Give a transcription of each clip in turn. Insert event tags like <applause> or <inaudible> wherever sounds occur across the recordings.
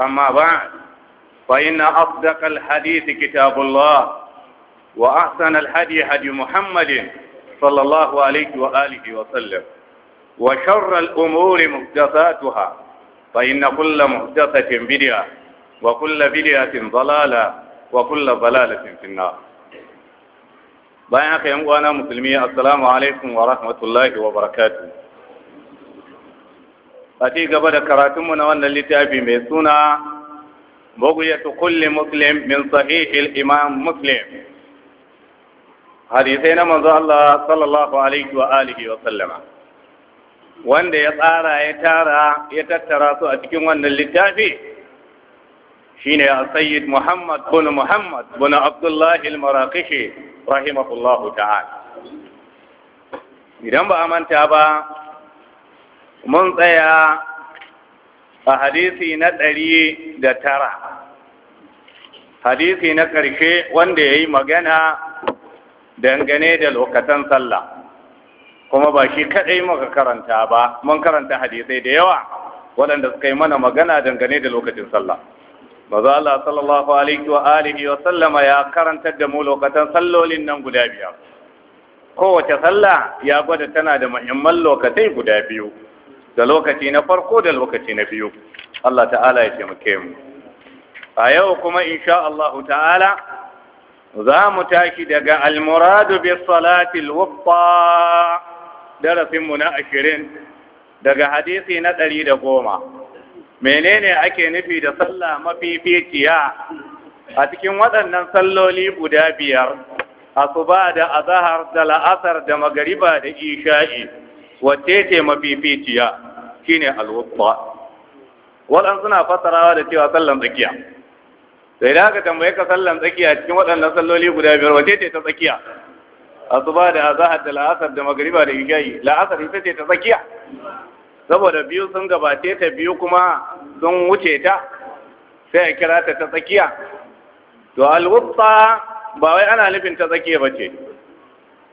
أما بعد فإن أصدق الحديث كتاب الله وأحسن الحدي حدي محمد صلى الله عليه وآله وسلم وشر الأمور مهدثاتها فإن كل مهدثة بدعة وكل بدعة ضلالة وكل ضلالة في النار أخي يا مسلمية السلام عليكم ورحمة الله وبركاته a ci gaba da karatunmu na wannan littafi mai suna bugiyatu kulli muslim min sahihil imam muslim hadisai na manzo Allah sallallahu alaihi wa alihi wa sallama wanda ya tsara ya tara ya tattara su a cikin wannan littafi shine sayyid Muhammad bin Muhammad bin Abdullah al-Maraqishi rahimahullahu ta'ala idan ba a manta ba mun tsaya a hadisi na ɗari da tara hadisi na ƙarshe wanda ya yi magana dangane da lokacin sallah kuma ba shi kaɗai muka karanta ba mun karanta hadisai da yawa waɗanda suka yi mana magana dangane da lokacin sallah maza Allah sallallahu alaihi wa alihi wa sallama ya karantar da mu lokacin sallolin nan guda biyar kowace sallah ya gwada tana da muhimman lokacin guda biyu da lokaci na farko da lokaci na biyu Allah ta'ala ya taimake mu a yau kuma insha Allah ta'ala za mu tashi daga almuradu bi salati alwusta darasin mu na 20 daga hadisi na 110 menene ake nufi da sallah mafificiya a cikin waɗannan salloli guda biyar asuba da azahar da la'asar da magariba da isha'i wacce ce mafificiya ne alwusta waɗanda suna fassarawa da cewa sallan tsakiya sai da aka tambaye ka sallan tsakiya cikin waɗannan salloli guda biyar wacce ce ta tsakiya A ba da azahar da la'asar da magariba da isha'i la'asar ita ce ta tsakiya saboda biyu sun gabace ta biyu kuma sun wuce ta sai a kira ta ta tsakiya to alwusta ba wai ana nufin ta tsakiya ba ce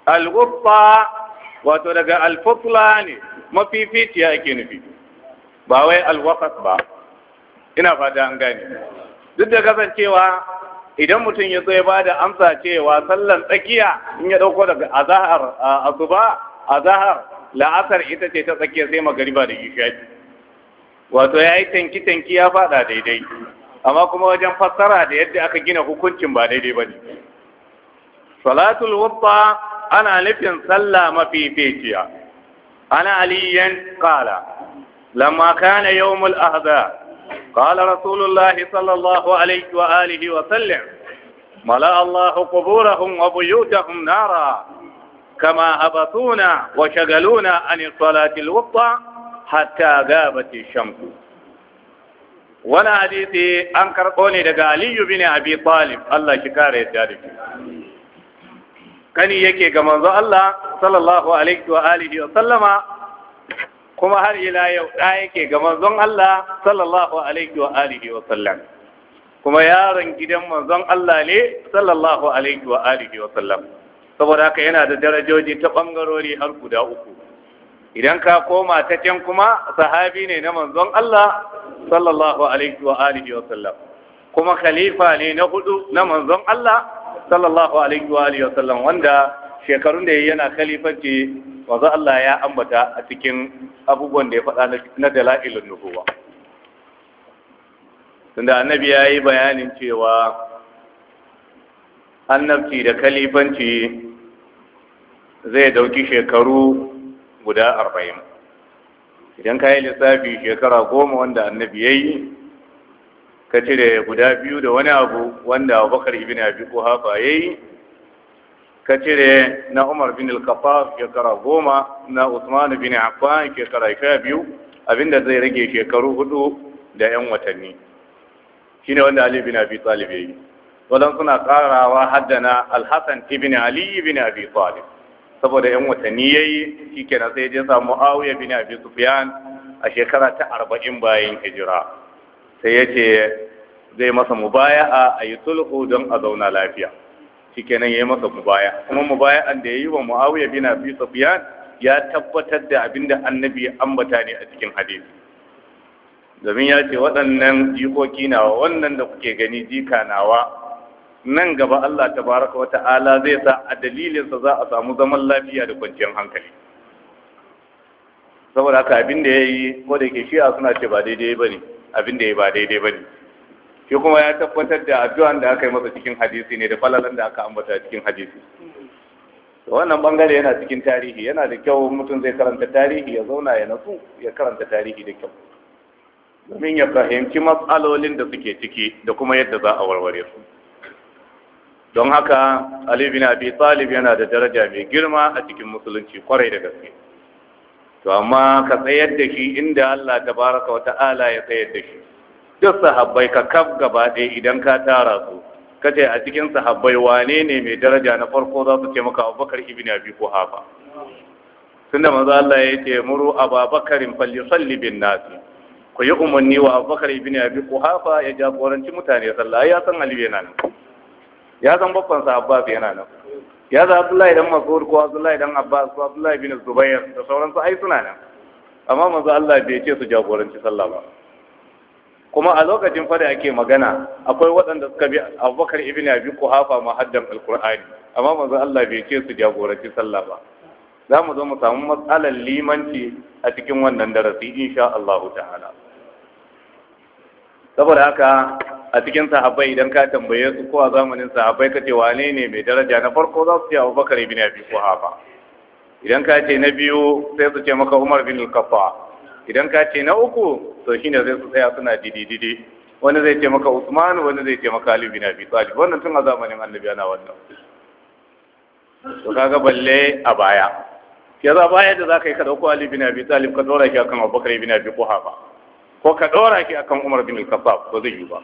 alwusta wato daga alfafula ne mafificiya ake nufi ba wai alwakas ba ina fata an gane duk da kasancewa idan mutum ya zo ya ba da amsa cewa sallan tsakiya in ya dauko daga azahar asuba azahar la'asar ita ce ta tsakiya sai magariba da isha'i wato ya yi tanki tanki ya fada daidai amma kuma wajen fassara da yadda aka gina hukuncin ba daidai ba ne salatul wusta ana nufin sallah mafi mafificiya ana aliyan kala. lamma kana yawmul ahza qala rasulullah sallallahu alaihi wa alihi wa sallam mala allah quburahum wa buyutahum nara kama abathuna wa shagaluna an salati al hatta gabat ash-shams wani hadisi an karɓo ne daga aliyu bin abi talib Allah ki kare ya da kani yake ga manzo Allah sallallahu alaihi wa alihi wa sallama kuma har ila yau da yake ga manzon Allah sallallahu alaihi wa alihi wa sallam kuma yaron gidan manzon Allah ne sallallahu alaihi wa alihi wa sallam saboda haka yana da darajoji ta bangarori har guda uku idan ka koma ta can kuma sahabi ne na manzon Allah sallallahu alaihi wa alihi wa sallam kuma khalifa ne na hudu na manzon Allah sallallahu alaihi wa alihi wasallam wanda shekarun da yana khalifanci wanzu Allah ya ambata a cikin abubuwan da ya faɗa na dalailun nubuwa tunda annabi ya yi bayanin cewa annabci da khalifanci zai dauki shekaru guda arba'in idan ka yi lissafi shekara goma wanda annabi ya yi ka cire guda biyu da wani abu wanda abubakar ibn abi haka ya yi ka cire na umar bin al shekara goma na usman bin affan shekara sha biyu abinda zai rage shekaru hudu da yan watanni shine wanda ali bin abi talib ya yi wadan suna karawa haddana al-hasan ibn ali bin abi talib saboda yan watanni ya yi shikenan sai ya je samu awiya bin abi sufyan a shekara ta arba'in bayan hijira sai ya ce zai masa mubaya'a a yi sulhu don a zauna lafiya shikenan yayi masa mubaya kuma an da yayi wa Muawiya bin Abi Sufyan ya tabbatar da abinda Annabi ya ambata ne a cikin hadisi domin ya ce waɗannan jikoki nawa wannan da kuke gani jika nawa nan gaba Allah tabaraka wa ta'ala zai sa a dalilinsa za a samu zaman lafiya da kwanciyar hankali saboda haka abin da yayi ko da yake shi'a suna ce ba daidai ne. abin da ya ba daidai ba ne shi kuma ya tabbatar da addu'an da aka yi masa cikin hadisi ne da falalan da aka ambata cikin hadisi wannan bangare yana cikin tarihi yana da kyau mutum zai karanta tarihi ya zauna ya natsu ya karanta tarihi da kyau domin ya fahimci matsalolin da suke ciki da kuma yadda za a warware su don haka ali bin abi talib yana da daraja mai girma a cikin musulunci kwarai da gaske to amma ka tsayar da shi inda Allah Ta baraka wa ta'ala ya tsayar da shi duk sahabbai ka kaf gaba ɗaya idan ka tara su ka ce a cikin sahabbai wane ne mai daraja na farko za su ce maka abubakar biyu ko kuhafa tun da maza Allah ya ce muru ababakarin falli bin nasi ku yi umarni wa abubakar biyu ko kuhafa ya jagoranci mutane sallah ya san alibi yana nan ya san babban sahabba yana nan ya za Abdullahi dan Mas'ud ko Abdullahi dan Abbas ko Abdullahi bin Zubair da sauransu ai suna nan amma manzo Allah bai ce su jagoranci sallah ba kuma a lokacin fa ake magana akwai waɗanda suka bi Abubakar ibn Abi Quhafa ma al-Qur'ani amma manzo Allah bai ce su jagoranci sallah ba za mu zo mu samu matsalar limanci a cikin wannan darasi insha Allah ta'ala saboda haka a cikin sahabbai idan ka tambaye su ko a zamanin sahabbai ka ce wane ne mai daraja na farko za su ce Abu Bakar ibn Abi Quhafa idan ka ce na biyu sai su ce maka Umar bin Al-Khattab idan ka ce na uku to shine sai su tsaya suna didi wani zai ce maka Usman wani zai ce maka Ali bin Abi Talib wannan tun a zamanin Annabi ana wannan to kaga balle a baya ya za baya da zaka yi ka dauko Ali bin Abi Talib ka dora shi akan Abu Bakar ibn Abi Quhafa ko ka dora shi akan Umar bin Al-Khattab ba zai yi ba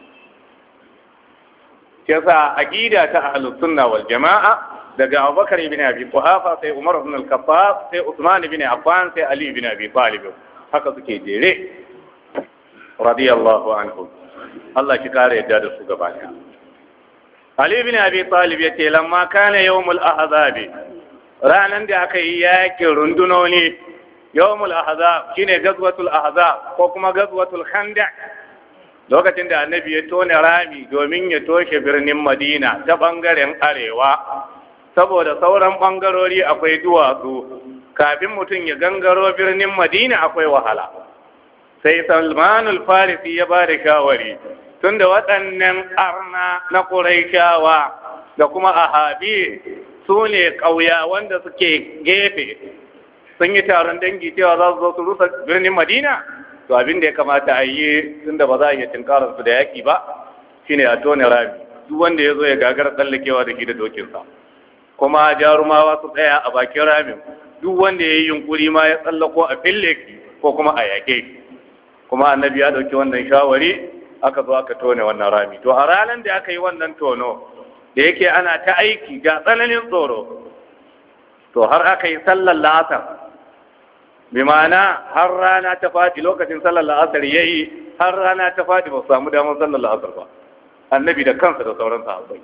yasa aqida ta ahlus sunna wal jamaa daga Abubakar ibn Abi Quhafa sai Umar ibn al-Khattab sai Uthman ibn Affan sai Ali ibn Abi Talib haka suke jere radiyallahu anhu Allah ki kare yadda da su gaba ɗaya Ali ibn Abi Talib yace lamma kana yawmul ahzab ranan da aka yi yakin rundunoni yawmul ahzab shine gazwatul ahzab ko kuma gazwatul khandaq lokacin da annabi ya tona rami domin ya toshe birnin madina ta ɓangaren arewa saboda sauran ɓangarori akwai duwatsu kafin mutum ya gangaro birnin madina akwai wahala sai salmanul farisi ya ba da shawari tun da waɗannan arna na ƙuraishawa da kuma ahabi su ne ƙauya wanda suke gefe sun yi taron dangi cewa za su zo su rusa birnin madina to abin da ya kamata a yi tunda ba za a iya tinkarar su da yaki ba shine a tone rami duk wanda ya zo ya gagara tsallakewa da gida da dokinsa kuma jarumawa su tsaya a bakin rami duk wanda ya yi yunkuri ma ya tsallako a fille ko kuma a yaƙe kuma annabi ya ɗauki wannan shawari aka zo aka tone wannan rami to a ranar da aka yi wannan tono da yake ana ta aiki ga tsananin tsoro to har aka yi sallar la'asar bi har rana ta fadi lokacin sallar ya yi, har rana ta fadi ba su samu damar sallar la'asar ba annabi da kansa da sauran sahabbai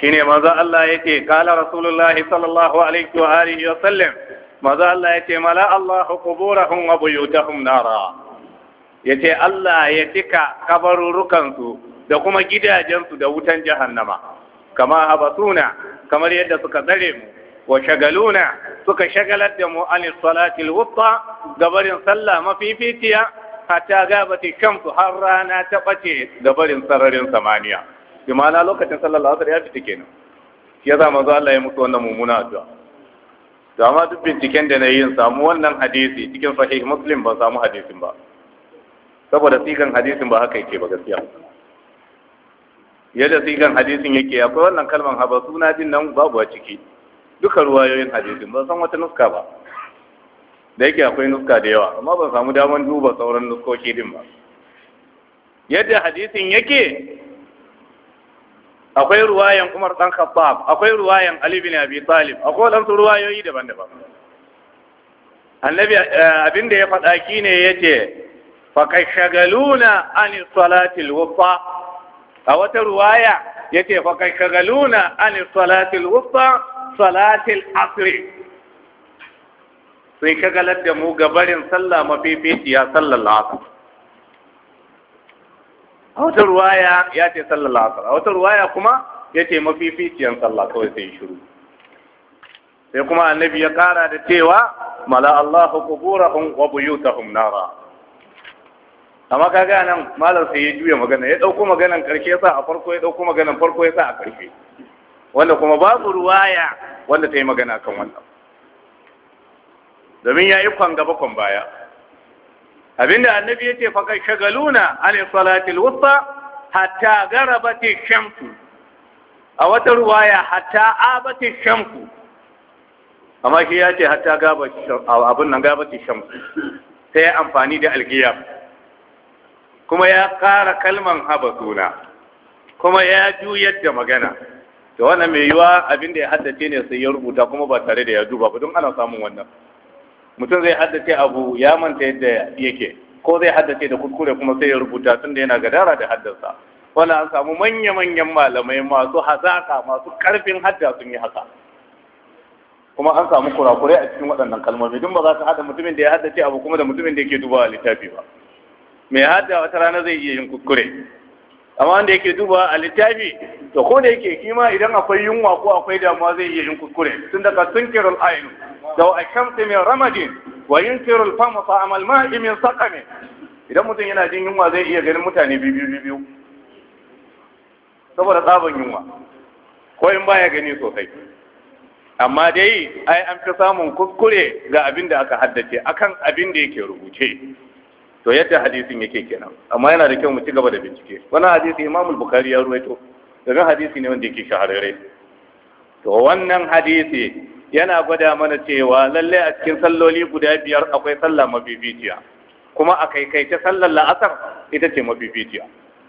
shi ne maza Allah ya ce kala rasulullahi sallallahu alaihi wa alihi wa sallam Maza Allah ya ce mala Allahu quburahum wa buyutahum nara yace Allah ya tika kabarurukansu da kuma gidajensu da wutan jahannama kama habasuna kamar yadda suka tsare mu wa shagaluna suka shagalar da mu an salatil wusta gabarin sallah mafifitiya hatta gabati shamsu har rana ta bace gabarin sararin samaniya bi ma'ana lokacin sallar asar ya fita kenan Ya yasa manzo Allah ya mutu wannan mummuna addu'a to amma duk binciken da na yi samu wannan hadisi cikin sahih muslim ban samu hadisin ba saboda sigan hadisin ba haka yake ba gaskiya yadda sigan hadisin yake akwai wannan kalmar haba suna din nan babu a ciki duka ruwayoyin hadisin ba san wata nuska ba da yake akwai nuska da yawa amma ban samu daman duba sauran nuskoki din ba yadda hadisin yake akwai ruwayan Umar dan Khattab akwai ruwayan Ali bin Abi Talib akwai wadansu ruwayoyi daban-daban annabi eh, abin da ya faɗa kine yace kai shagaluna an salati al-wusta a wata ruwaya yace kai shagaluna an salati al-wusta salatil asri sai ka galar da mu gabarin sallah mafificiya sallar la'asar a wata ruwaya ya ce sallar la'asar a wata ruwaya kuma ya ce mafificiyan sallah kawai sai shiru sai kuma annabi ya kara da cewa mala Allahu quburahum wa buyutahum nara amma kaga nan malar sai ya juya magana ya dauko maganan karshe sa a farko ya dauko maganan farko ya sa a karshe wanda kuma babu ruwaya wanda ta yi magana kan wannan domin ya yi kwan gaba kwan baya abinda annabi ya ce fakar shagaluna an salatil wusta hatta gara garabati shanku. a wata ruwaya hatta a abati shanku. amma shi ya ce hatta abin nan gabati shanku. Ta yi amfani da algiyar kuma ya kara kalman haba suna kuma ya juyar da magana da wannan mai yiwa abin da ya haddace ne sai ya rubuta kuma ba tare da ya duba ba don ana samun wannan mutum zai haddace abu ya manta yadda yake ko zai haddace da kuskure kuma sai ya rubuta tun da yana gadara da haddasa wala an samu manya-manyan malamai masu hazaka masu karfin hadda sun yi haka kuma an samu kurakurai a cikin waɗannan kalmomi duk ba za su haɗa mutumin da ya haddace abu kuma da mutumin da yake dubawa littafi ba mai hadda wata rana zai iya yin kuskure amma wanda yake duba a littafi to ko da yake kima idan akwai yunwa ko akwai damuwa zai iya yin kuskure tun daga tunkirul ayin da a kamta min ramadin wa yunkirul fama fa amal ma'i min saqami idan mutum yana jin yunwa zai iya ganin mutane biyu bibi saboda tsaban yunwa ko in baya gani sosai amma dai ai an fi samun kuskure ga abin da aka haddace akan abin da yake rubuce to yadda hadisin yake kenan amma yana da kyau mu ci gaba da bincike wannan hadisi imamul bukhari ya ruwaito daga hadisi ne wanda yake shahararre to wannan hadisi yana gwada mana cewa lallai a cikin salloli guda biyar akwai sallah mabibiciya kuma a kaikaice sallar la'asar ita ce mabibiciya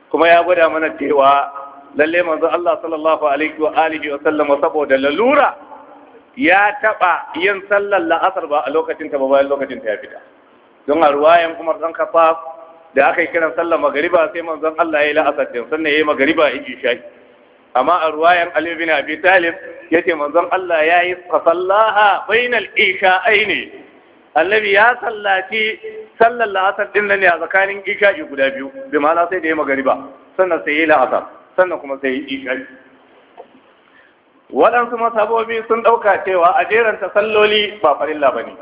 kuma ya gwada mana cewa lallai manzo Allah sallallahu alaihi wa alihi wa sallama saboda lalura ya taba yin sallar la'asar ba a lokacin ta ba bayan lokacin ta ya fita don a ruwayan kuma zan kafa da aka yi kiran sallar magariba sai manzon Allah ya yi la'asar din sannan ya yi magariba a in isha'i amma a ruwayan Ali bin Abi Talib yace manzon Allah ya yi fasallaha bainal isha'aini annabi ya sallaci sallar la'asar din nan ne a tsakanin isha'i guda biyu bi ma'ana sai da ya magariba sannan sai ya yi la'asar sannan kuma sai ya yi isha'i waɗansu masabobi sun ɗauka cewa a jeranta salloli ba farilla ba ne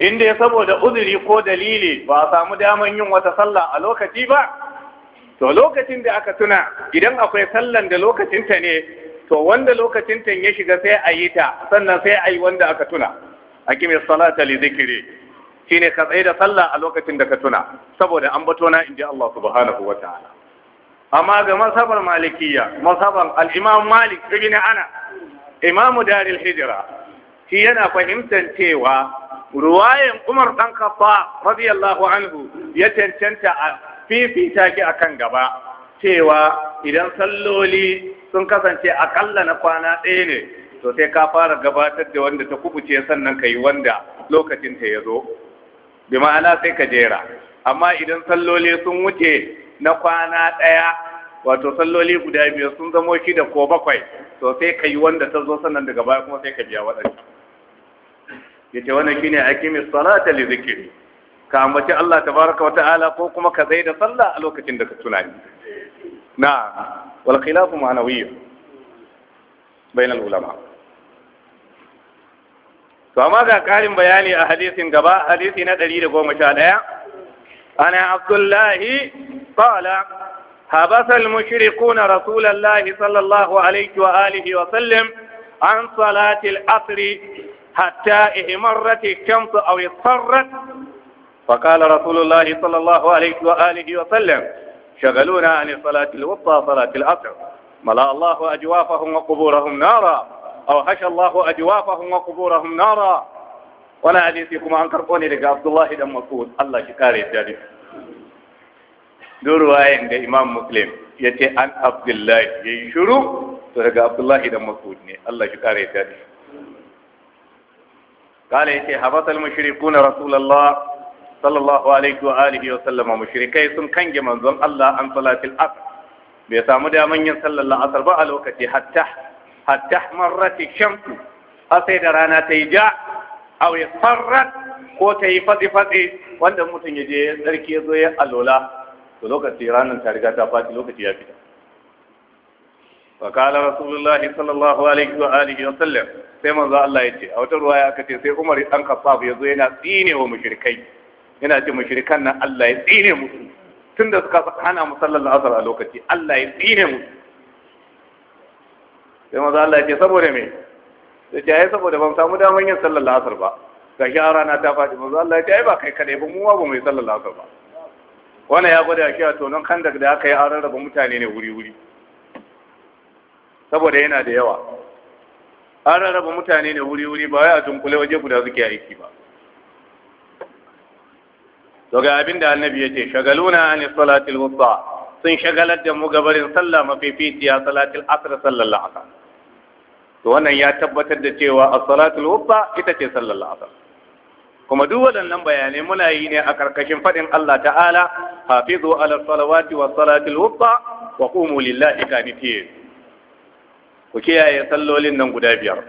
Inda dai saboda uzuri ko dalili ba a samu daman yin wata sallah a lokaci ba to lokacin da aka tuna idan akwai sallan da lokacinta ne to wanda lokacinta ya shiga sai a yi ta sannan sai a yi wanda aka tuna a kimi salata li zikiri shine ka tsaye da sallah a lokacin da ka tuna saboda an bato na inji Allah subhanahu wa ta'ala amma ga masabar malikiya masabar al-imam malik ibn ana imamu daril hijra shi yana fahimtar cewa ruwayan Umar dan Khattab radiyallahu anhu ya cancanta a fifita ki akan gaba cewa idan salloli sun kasance akalla na kwana ɗaya ne to sai ka fara gabatar da wanda ta kubuce sannan ka yi wanda lokacin ta ya zo bi ma'ana sai ka jera amma idan salloli sun wuce na kwana ɗaya wato salloli guda biyu sun zamo shi da ko bakwai to sai ka yi wanda ta zo sannan daga baya kuma sai ka biya waɗanda yace wannan shine aqimi salata li zikri ka ambaci Allah tabaraka wa ta'ala ko kuma ka zaida sallah a lokacin da ka tunani na wal khilaf ma'nawiy bain al ulama to amma ga karin bayani a hadisin gaba hadisi na 111 أنا عبد الله قال حبس المشركون رسول الله صلى الله عليه وآله وسلم عن صلاة العصر hatta ihmarrat shamsu aw isfarrat fa qala rasulullah sallallahu alaihi wa alihi wa sallam shagaluna an salati al-wusta salati al-asr mala Allah ajwafahum wa quburahum nara aw hasha Allah ajwafahum wa quburahum nara wani hadisi kuma an karɓo ne daga abdullahi dan masud Allah shi kare ya dade durwayen da imam muslim ya ce an abdullahi ya yi to daga abdullahi ne Allah kare قال يتي حبس المشركون رسول الله صلى الله عليه وآله وسلم مشركي سن كان منظم الله عن صلاة الأصر بيسامو دا من ينصلى الله أصر بقى لوكتي حتى حتى مرت الشمس أسيد رانا تيجا أو يصرت ko ta yi fatsi-fatsi wanda mutum ya je sarki ya zo ya alola to lokaci ranar ta riga ta fati lokaci ya fita fa kala rasulullah sallallahu alaihi wa alihi wa sallam sai manzo Allah ya ce a wata ruwaya aka ce sai Umar dan Khattab ya zo yana tsine wa mushrikai yana ce mushrikan nan Allah ya tsine musu tunda suka hana mu sallar asar a lokaci Allah ya tsine musu sai manzo Allah ya ce saboda me sai ce ai saboda ban samu damar yin sallar asar ba ga shi rana ta faɗi manzo Allah ya ce ai ba kai kadai ba mu ma ba mai yi sallar asar ba wannan ya gwada shi a tonon kandak da aka yi an rarraba mutane ne wuri-wuri saboda yana da yawa an rarraba mutane ne wuri-wuri ba ya a dunkule waje guda suke aiki ba daga abin da annabi ya ce shagaluna ne, salatil wusta sun shagalar da mu gabarin sallah mafificiya salatil asr sallallahu alaihi to wannan ya tabbatar da cewa as-salatul wusta ita ce sallallahu alaihi kuma duk waɗannan bayanai muna yi ne a karkashin faɗin Allah ta'ala hafizu ala salawati was salatil wusta wa qumu lillahi qanitin ku kiyaye sallolin nan guda biyar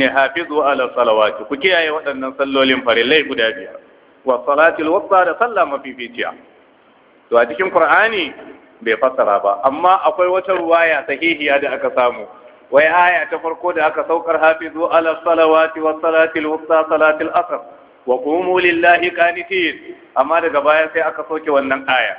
ne hafizu ala salawati ku kiyaye waɗannan sallolin farillai guda biyar wa salatil wusta da sallah mafificiya to a cikin qur'ani bai fassara ba amma akwai wata ruwaya sahihiya da aka samu wai aya ta farko da aka saukar hafizu ala salawati wa salatil wusta salatil asr wa qumu lillahi qanitin amma daga baya sai aka soke wannan aya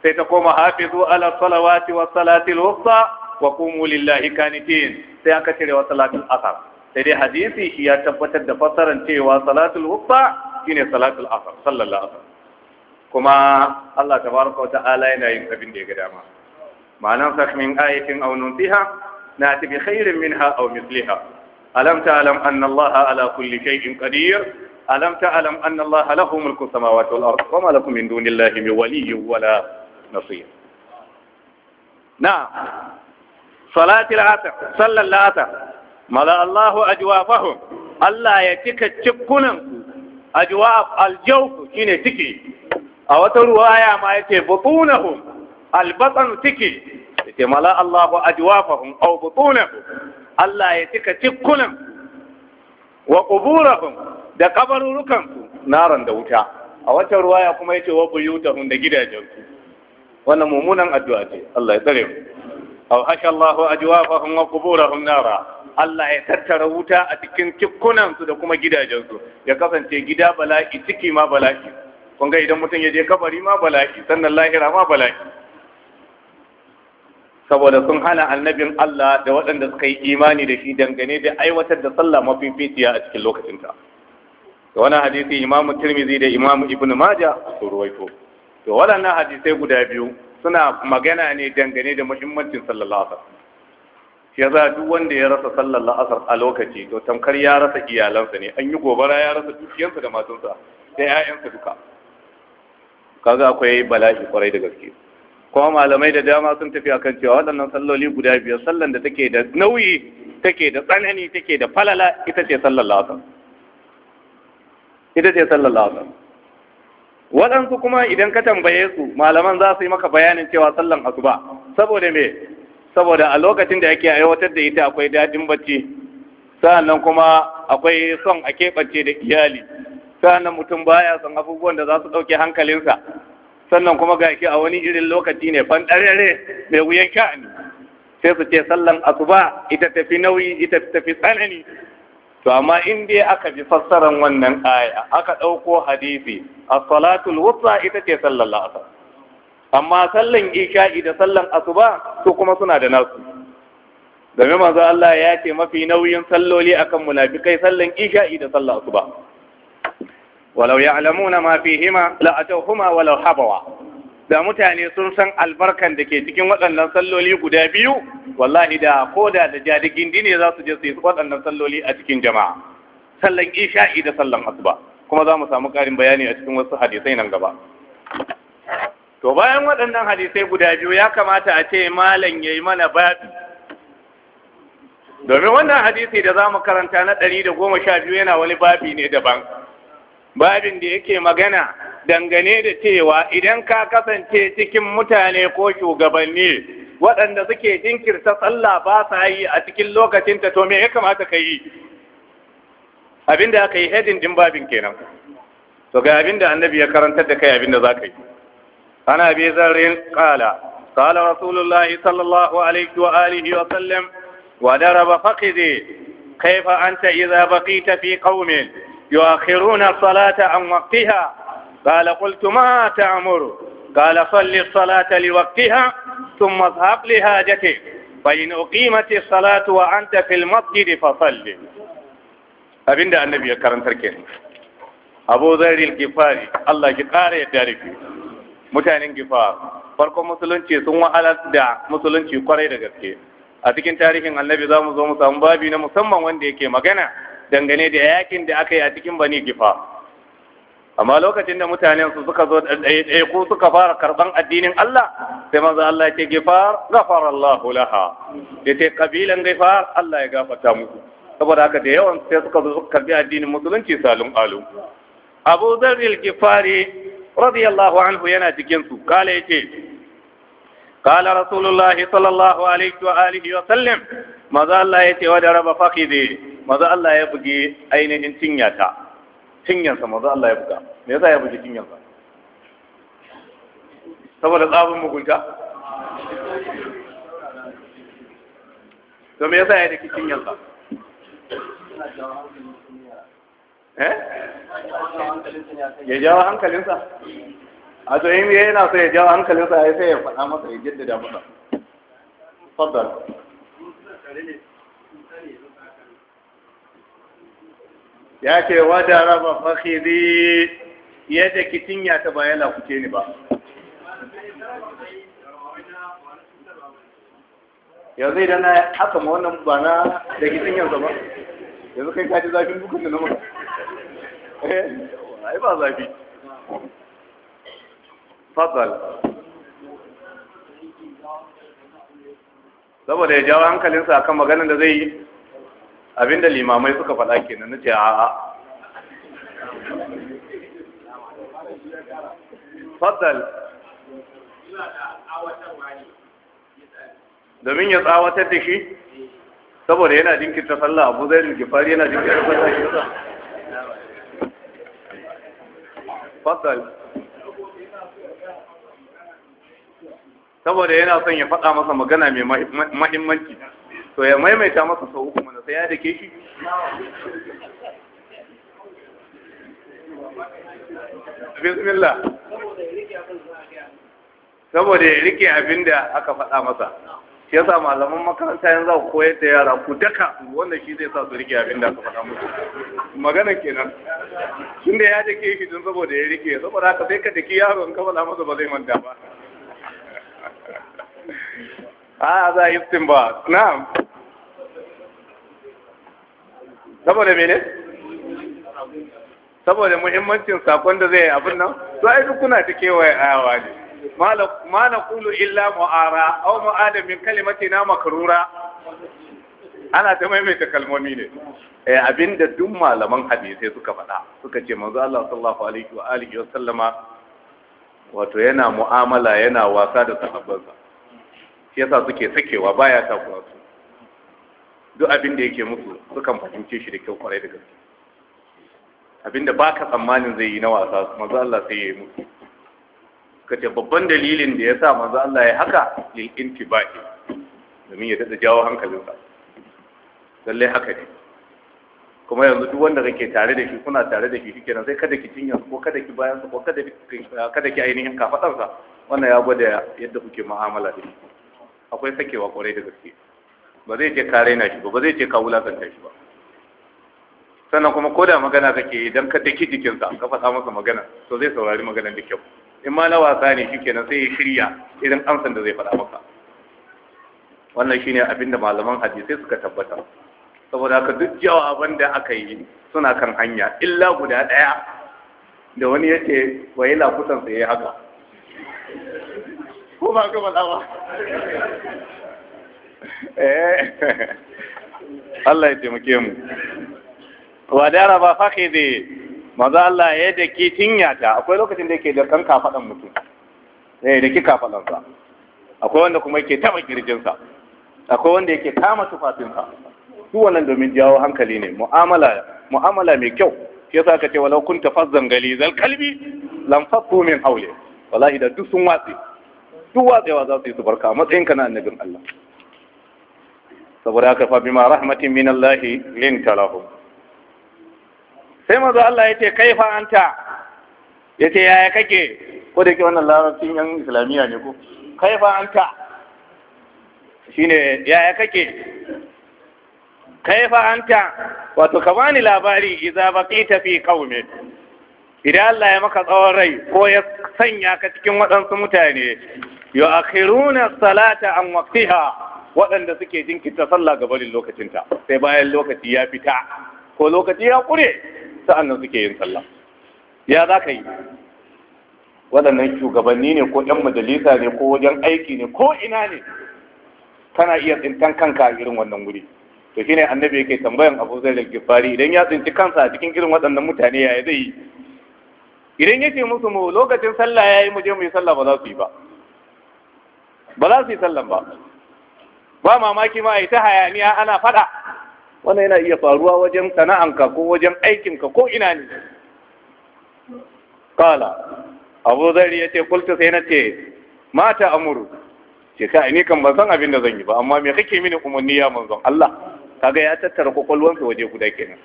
sai ta koma hafizu ala salawati wa salatil wusta wa qumu lillahi qanitin sai aka cire wa salatul asar sai dai hadisi shi ya tabbatar da fasaran cewa salatul wusta shine salatul asar sallallahu alaihi kuma Allah tabaraka wa ta'ala yana yin abin da ya ga dama ma'anar sa min ayatin aw nunsiha nati bi khairin minha aw misliha alam ta'lam anna Allah ala kulli shay'in qadir ألم تعلم أن الله له ملك السماوات والأرض وما لكم من دون الله من ولي ولا نصير نعم salatil asr sallan asr mala Allahu ajwafahum Allah ya cika cikkunan ajwaf aljawf shine ciki a wata ruwaya ma yace butunahum albatan ciki yace mala Allahu ajwafahum aw butunahum Allah ya cika da kabarurukan su naran da wuta a wata ruwaya kuma yace wa buyutahum da gidajen su wannan mummunan addu'a ce Allah ya tsare mu aw hasha Allahu ajwafahum wa quburahum nara Allah ya tattara wuta a cikin kikkunansu da kuma gidajensu ya kasance gida bala'i ciki ma bala'i kun idan mutum ya je kabari ma bala'i sannan lahira ma bala'i saboda sun hana annabin Allah da waɗanda suka yi imani da shi dangane da aiwatar da sallah mafificiya a cikin lokacinta da wani hadisi imamu tirmizi da imamu ibnu maja su ruwaito to waɗannan hadisai guda biyu suna magana ne dangane da muhimmancin sallallahu alaihi wasallam ya za duk wanda ya rasa sallar la'asar a lokaci to tamkar ya rasa iyalansa ne an yi gobara ya rasa dukiyansa da matunsa da 'ya'yansa duka kaga akwai bala'i kwarai da gaske kuma malamai da dama sun tafi akan cewa waɗannan salloli guda biyar sallan da take da nauyi take da tsanani take da falala ita ce ita ce sallar la'asar waɗansu kuma idan ka tambaye su malaman za su yi maka bayanin cewa sallan asuba saboda me saboda a lokacin da yake aiwatar da ita akwai dadin bacci sa'annan kuma akwai son a keɓance da iyali sa'annan mutum baya son abubuwan da za su ɗauke hankalinsa sannan kuma ga a wani irin lokaci ne fanɗarere mai wuyan sha'ani sai su ce sallan asuba ita tafi nauyi ita tafi tsanani to amma in dai aka fi fassarar wannan aya aka ɗauko hadisi as-salatul wusta ita ce sallar la'asar amma sallan isha'i da sallan asuba su kuma suna da nasu domin manzo Allah ya ce mafi nauyin salloli akan munafikai sallan isha'i da sallan asuba walau ya'lamuna ma fihima la atawhuma walau habawa da mutane sun san albarkan da ke cikin waɗannan salloli guda biyu wallahi da koda da jadigin dine za su je su yi waɗannan salloli a cikin jama'a sallan isha'i da sallan asuba kuma za mu samu ƙarin bayani a cikin wasu hadisai nan gaba to bayan waɗannan hadisai guda biyu ya kamata a ce malam ya yi mana babi domin wannan hadisi da za mu karanta na ɗari da goma sha biyu yana wani babi ne daban babin da yake magana dangane da cewa idan ka kasance cikin mutane ko shugabanni waɗanda suke jinkirta sallah ba sa yi a cikin lokacinta to me ya kamata ka yi da aka yi hedin din babin kenan to ga da annabi ya karantar da kai da za ka yi ana bi zarrin qala qala rasulullahi sallallahu alaihi wa alihi wa sallam wa daraba faqidi kaifa anta idza baqita fi qaumin yu'akhiruna salata an waqtiha قال قلت ما تأمر قال صل الصلاة لوقتها ثم اذهب لحاجتك فإن أقيمت الصلاة وأنت في المسجد فصل أبين ده النبي كرم تركين أبو ذر الغفاري الله يقار يدارك متعنين غفار farkon musulunci sun wa'alar da musulunci kwarai da gaske a cikin tarihin annabi za mu zo mu samu babi na musamman wanda yake magana dangane da yakin da aka yi a cikin bani gifa amma lokacin da mutanen su suka zo ɗaya ko suka fara karɓan addinin Allah sai manzo Allah ya ce gifar ghafar Allah laha ya ce kabilan gifar Allah ya gafarta muku saboda haka da yawan sai suka zo suka karbi addinin musulunci salun alu Abu Dharr al-Ghifari radiyallahu anhu yana cikin su kala yace kala Rasulullahi sallallahu alaihi wa alihi wa sallam maza Allah ya ce wa da raba faqidi maza Allah ya buge ainihin cinyata cinyansa manzo Allah ya buga me yasa ya buji cinyansa saboda tsabin mugunta to me yasa ya dake cinyansa eh ya jawo hankalinsa a to in yana so ya jawo hankalinsa ya sai ya faɗa masa ya jaddada masa faddar ya ce wada raba fakhiri yadda kitin ya taba yana kuce ni ba yanzu idan na haka ma wannan ba na da kitin yanzu ba yanzu kai kaji zafin dukkan da na maka eh, ai ba zafi fadal saboda ya jawo hankalinsa akan maganin da zai yi abinda limamai suka faɗa kenan nace a'a faddal domin ya tsawatar da shi saboda yana jinkirta sallah abu zai fari yana jinkirta sallah shi sa faddal saboda yana son ya faɗa masa magana mai mahimmanci to ya maimaita masa sau uku mana sai ya dake shi bismillah saboda ya rike abin da aka faɗa masa shi ya yasa malaman makaranta yanzu ku koyar da yara ku daka wanda shi zai sa su rike abin da aka faɗa musu magana kenan shi da ya dake shi don saboda ya rike saboda haka sai ka daki yaro in ka faɗa masa ba zai manta ba a za a istin ba na'am saboda mene saboda muhimmancin sakon da zai abin nan to ai duk kuna ta kewaye ayawa ne ma na kulu illa mu'ara aw mu'ada min na makarura ana ta maimaita kalmomi ne eh abinda duk malaman hadisi suka faɗa suka ce manzo Allah sallallahu alaihi wa alihi wa sallama wato yana mu'amala yana wasa da sahabbansa shi yasa suke sakewa baya kuwa su duk abin da yake musu sukan fahimce shi da kyau kwarai da gaske abin da baka tsammanin zai yi na wasa manzo Allah sai ya yi musu kace babban dalilin da yasa manzo Allah ya haka lil intibai domin ya dada jawo hankalinsa lalle haka ne kuma yanzu duk wanda kake tare da shi kuna tare da shi shikenan sai kada ki cinya ko kada ki bayan ko kada ki kada ki ainihin sa wannan ya gwada yadda kuke mu'amala da shi akwai sakewa kwarai da gaske ba zai ce ka raina shi ba ba zai ce ka wulakanta shi ba sannan kuma ko da magana kake idan ka daki jikinsa ka faɗa masa magana to zai saurari maganar da kyau in ma na wasa ne shikenan sai ya shirya irin amsan da zai faɗa maka wannan shine abin da malaman hadisai suka tabbata saboda haka duk jawaban da aka yi suna kan hanya illa guda ɗaya da wani ya ce wa lafutansa ya yi haka ko ba ka faɗa ba eh. <laughs> Allah ya taimake mu wa dara ba fake da maza Allah ya da ke tinya ta akwai lokacin da yake da kan kafaɗan mutum eh da ki sa akwai wanda kuma yake taɓa sa akwai wanda yake kama tufafinsa su wannan domin jawo hankali ne mu'amala mu'amala mai kyau shi yasa aka ce walau kunta fazzan gali zal kalbi lam min hawli wallahi da duk sun watsi duk watsewa za su yi su barka a matsayin ka na annabin Allah saboda haka fa bima rahmatin min Allah lin talahu sai manzo Allah yace kaifa anta yace yaya kake ko da ke wannan larabcin yan islamiyya ne ko kaifa anta shine yaya kake kaifa anta wato ka bani labari idza baqita fi qaumin idan Allah ya maka tsawon rai ko ya sanya ka cikin waɗansu mutane yu'akhiruna salata an waqtiha waɗanda suke jinkirta sallah ga barin lokacinta sai bayan lokaci ya fita ko lokaci ya kure sa'annan suke yin sallah ya za ka yi waɗannan shugabanni ne ko ɗan majalisa ne ko wajen aiki ne ko ina ne kana iya tsintan kanka a irin wannan wuri to shine annabi yake tambayan abu zai gifari idan ya tsinci kansa a cikin irin waɗannan mutane yaya zai yi idan ya ce musu mu lokacin sallah ya yi mu je mu yi sallah ba za su yi ba ba za su yi sallan ba ba mamaki ma a yi ta hayaniya ana faɗa wannan yana iya faruwa wajen sana'anka ko wajen aikinka ko ina ne kala abu zari ya ce kulta sai na ce mata amuru ce ka ni kan ban san abin da zan yi ba amma me kake mini umarni ya manzon Allah kaga ya tattara kokolwansa waje guda kenan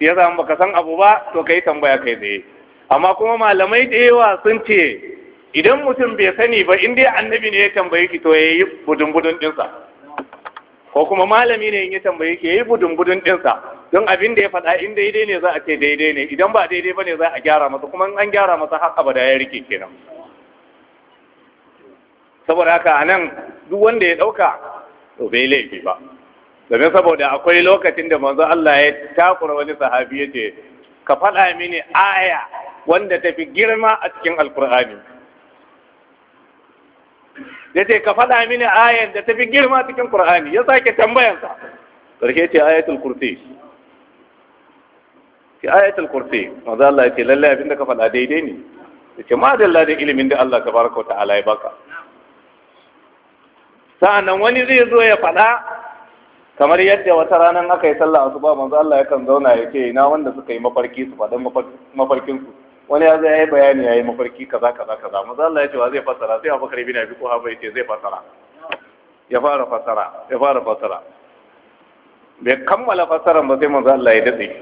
ya zama baka san abu ba to kai tambaya kai tsaye amma kuma malamai da yawa sun ce idan mutum bai sani ba in dai annabi ne ya tambaye ki to yayi budun budun dinsa ko kuma malami ne in ya tambaye ki yayi budun budun dinsa don abin da ya faɗa in daidai ne za a ce daidai ne idan ba daidai ba ne za a gyara masa kuma an gyara masa har abada ya rike kenan saboda haka anan duk wanda ya ɗauka to bai laifi ba domin saboda akwai lokacin da manzo Allah ya takura wani sahabi ya ce ka faɗa mini aya wanda tafi girma a cikin alkur'ani da ce ka faɗa mini ayan da ta fi girma cikin ƙur'ani ya sake tambayansa ƙarshe ce ayatul kursi ce ayatul kursi maza Allah ya ce lalle abinda ka faɗa daidai ne ya ce madalla da ilimin da Allah baraka wata ala ya baka sa'annan wani zai zo ya faɗa kamar yadda wata ranar aka yi sallah asuba maza Allah yakan zauna ya ce ina wanda suka yi mafarki su faɗin mafarkin su wani ya zai yi bayani ya yi mafarki kaza kaza kaza maza Allah ya ce wa zai fassara sai abubakar na abi haɓa ya ce zai fassara ya fara fassara ya fara fassara bai kammala fassaran ba sai maza Allah ya wadda